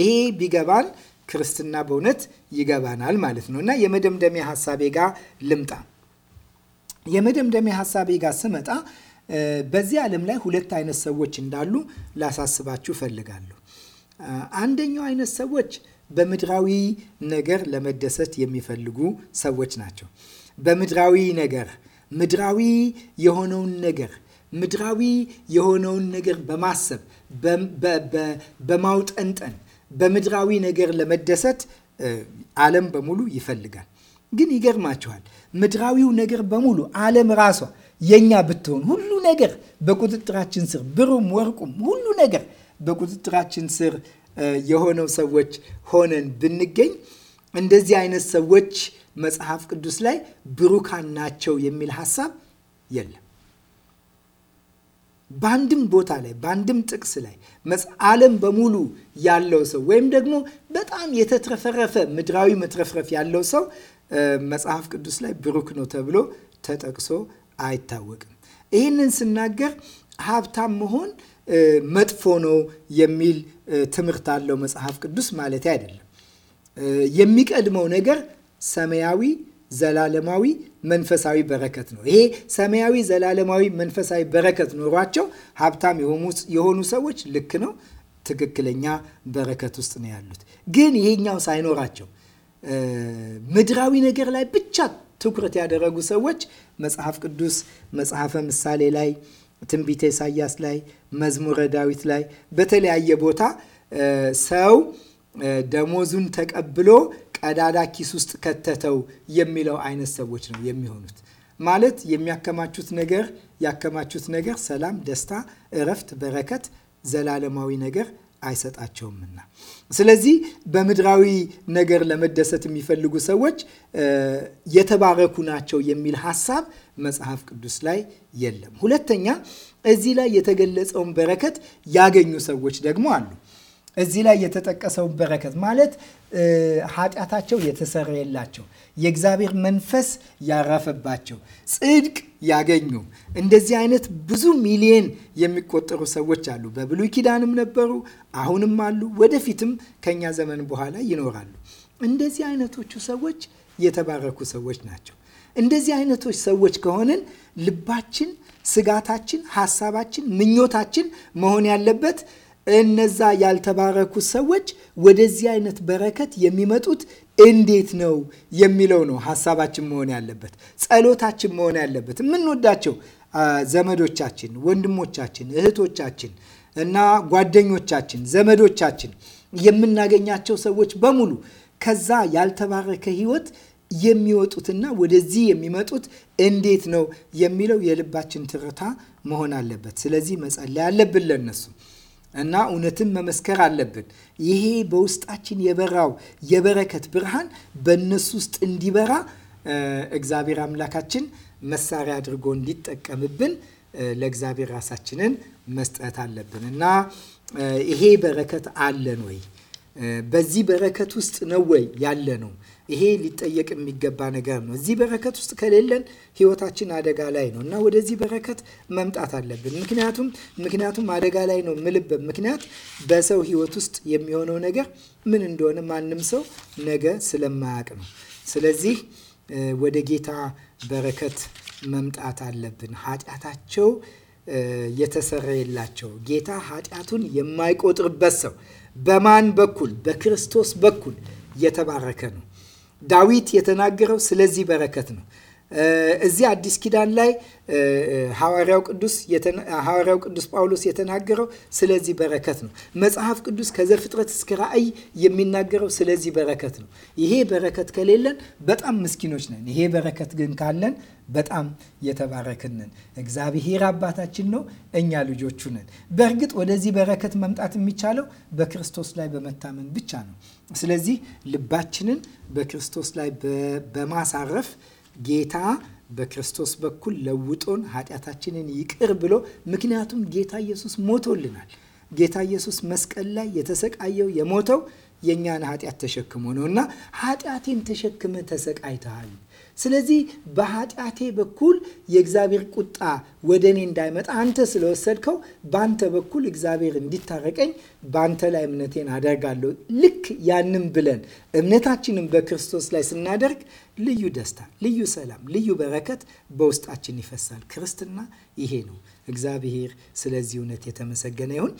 A: ይሄ ቢገባን ክርስትና በእውነት ይገባናል ማለት ነው። እና የመደምደሚያ ሀሳቤ ጋር ልምጣ። የመደምደሚያ ሀሳቤ ጋር ስመጣ በዚህ ዓለም ላይ ሁለት አይነት ሰዎች እንዳሉ ላሳስባችሁ ፈልጋለሁ አንደኛው አይነት ሰዎች በምድራዊ ነገር ለመደሰት የሚፈልጉ ሰዎች ናቸው። በምድራዊ ነገር ምድራዊ የሆነውን ነገር ምድራዊ የሆነውን ነገር በማሰብ በማውጠንጠን በምድራዊ ነገር ለመደሰት ዓለም በሙሉ ይፈልጋል። ግን ይገርማችኋል፣ ምድራዊው ነገር በሙሉ ዓለም ራሷ የኛ ብትሆን ሁሉ ነገር በቁጥጥራችን ስር ብሩም ወርቁም ሁሉ ነገር በቁጥጥራችን ስር የሆነው ሰዎች ሆነን ብንገኝ እንደዚህ አይነት ሰዎች መጽሐፍ ቅዱስ ላይ ብሩካን ናቸው የሚል ሀሳብ የለም። በአንድም ቦታ ላይ በአንድም ጥቅስ ላይ ዓለም በሙሉ ያለው ሰው ወይም ደግሞ በጣም የተትረፈረፈ ምድራዊ መትረፍረፍ ያለው ሰው መጽሐፍ ቅዱስ ላይ ብሩክ ነው ተብሎ ተጠቅሶ አይታወቅም። ይህንን ስናገር ሀብታም መሆን መጥፎ ነው የሚል ትምህርት አለው መጽሐፍ ቅዱስ ማለት አይደለም። የሚቀድመው ነገር ሰማያዊ ዘላለማዊ መንፈሳዊ በረከት ነው። ይሄ ሰማያዊ ዘላለማዊ መንፈሳዊ በረከት ኖሯቸው ሀብታም የሆኑ ሰዎች ልክ ነው፣ ትክክለኛ በረከት ውስጥ ነው ያሉት። ግን ይሄኛው ሳይኖራቸው ምድራዊ ነገር ላይ ብቻ ትኩረት ያደረጉ ሰዎች መጽሐፍ ቅዱስ መጽሐፈ ምሳሌ ላይ፣ ትንቢተ ኢሳያስ ላይ፣ መዝሙረ ዳዊት ላይ በተለያየ ቦታ ሰው ደሞዙን ተቀብሎ ቀዳዳ ኪስ ውስጥ ከተተው የሚለው አይነት ሰዎች ነው የሚሆኑት። ማለት የሚያከማቹት ነገር ያከማቹት ነገር ሰላም፣ ደስታ፣ እረፍት፣ በረከት፣ ዘላለማዊ ነገር አይሰጣቸውምና ስለዚህ በምድራዊ ነገር ለመደሰት የሚፈልጉ ሰዎች የተባረኩ ናቸው የሚል ሀሳብ መጽሐፍ ቅዱስ ላይ የለም። ሁለተኛ እዚህ ላይ የተገለጸውን በረከት ያገኙ ሰዎች ደግሞ አሉ። እዚህ ላይ የተጠቀሰውን በረከት ማለት ኃጢአታቸው የተሰረየላቸው የእግዚአብሔር መንፈስ ያረፈባቸው ጽድቅ ያገኙ እንደዚህ አይነት ብዙ ሚሊየን የሚቆጠሩ ሰዎች አሉ። በብሉይ ኪዳንም ነበሩ፣ አሁንም አሉ፣ ወደፊትም ከኛ ዘመን በኋላ ይኖራሉ። እንደዚህ አይነቶቹ ሰዎች የተባረኩ ሰዎች ናቸው። እንደዚህ አይነቶች ሰዎች ከሆንን ልባችን፣ ስጋታችን፣ ሀሳባችን፣ ምኞታችን መሆን ያለበት እነዛ ያልተባረኩ ሰዎች ወደዚህ አይነት በረከት የሚመጡት እንዴት ነው የሚለው ነው ሀሳባችን መሆን ያለበት፣ ጸሎታችን መሆን ያለበት። የምንወዳቸው ዘመዶቻችን፣ ወንድሞቻችን፣ እህቶቻችን እና ጓደኞቻችን፣ ዘመዶቻችን የምናገኛቸው ሰዎች በሙሉ ከዛ ያልተባረከ ህይወት የሚወጡትና ወደዚህ የሚመጡት እንዴት ነው የሚለው የልባችን ትርታ መሆን አለበት። ስለዚህ መጸለይ አለብን ለነሱ እና እውነትን መመስከር አለብን። ይሄ በውስጣችን የበራው የበረከት ብርሃን በእነሱ ውስጥ እንዲበራ እግዚአብሔር አምላካችን መሳሪያ አድርጎ እንዲጠቀምብን ለእግዚአብሔር ራሳችንን መስጠት አለብን እና ይሄ በረከት አለን ወይ በዚህ በረከት ውስጥ ነው ወይ ያለ ነው? ይሄ ሊጠየቅ የሚገባ ነገር ነው። እዚህ በረከት ውስጥ ከሌለን ህይወታችን አደጋ ላይ ነው እና ወደዚህ በረከት መምጣት አለብን። ምክንያቱም ምክንያቱም አደጋ ላይ ነው ምልበት ምክንያት በሰው ህይወት ውስጥ የሚሆነው ነገር ምን እንደሆነ ማንም ሰው ነገ ስለማያውቅ ነው። ስለዚህ ወደ ጌታ በረከት መምጣት አለብን። ኃጢአታቸው የተሰረየላቸው ጌታ ኃጢአቱን የማይቆጥርበት ሰው በማን በኩል? በክርስቶስ በኩል የተባረከ ነው። ዳዊት የተናገረው ስለዚህ በረከት ነው። እዚህ አዲስ ኪዳን ላይ ሐዋርያው ቅዱስ ሐዋርያው ቅዱስ ጳውሎስ የተናገረው ስለዚህ በረከት ነው። መጽሐፍ ቅዱስ ከዘፍጥረት እስከ ራእይ የሚናገረው ስለዚህ በረከት ነው። ይሄ በረከት ከሌለን በጣም ምስኪኖች ነን። ይሄ በረከት ግን ካለን በጣም የተባረክንን እግዚአብሔር አባታችን ነው፣ እኛ ልጆቹ ነን። በእርግጥ ወደዚህ በረከት መምጣት የሚቻለው በክርስቶስ ላይ በመታመን ብቻ ነው። ስለዚህ ልባችንን በክርስቶስ ላይ በማሳረፍ ጌታ በክርስቶስ በኩል ለውጦን ኃጢአታችንን ይቅር ብሎ ምክንያቱም ጌታ ኢየሱስ ሞቶልናል። ጌታ ኢየሱስ መስቀል ላይ የተሰቃየው የሞተው የእኛን ኃጢአት ተሸክሞ ነው እና ኃጢአቴን ተሸክመ ተሰቃይተሃል። ስለዚህ በኃጢአቴ በኩል የእግዚአብሔር ቁጣ ወደ እኔ እንዳይመጣ አንተ ስለወሰድከው በአንተ በኩል እግዚአብሔር እንዲታረቀኝ በአንተ ላይ እምነቴን አደርጋለሁ። ልክ ያንም ብለን እምነታችንን በክርስቶስ ላይ ስናደርግ ልዩ ደስታ፣ ልዩ ሰላም፣ ልዩ በረከት በውስጣችን ይፈሳል። ክርስትና ይሄ ነው። እግዚአብሔር ስለዚህ እውነት የተመሰገነ ይሁን።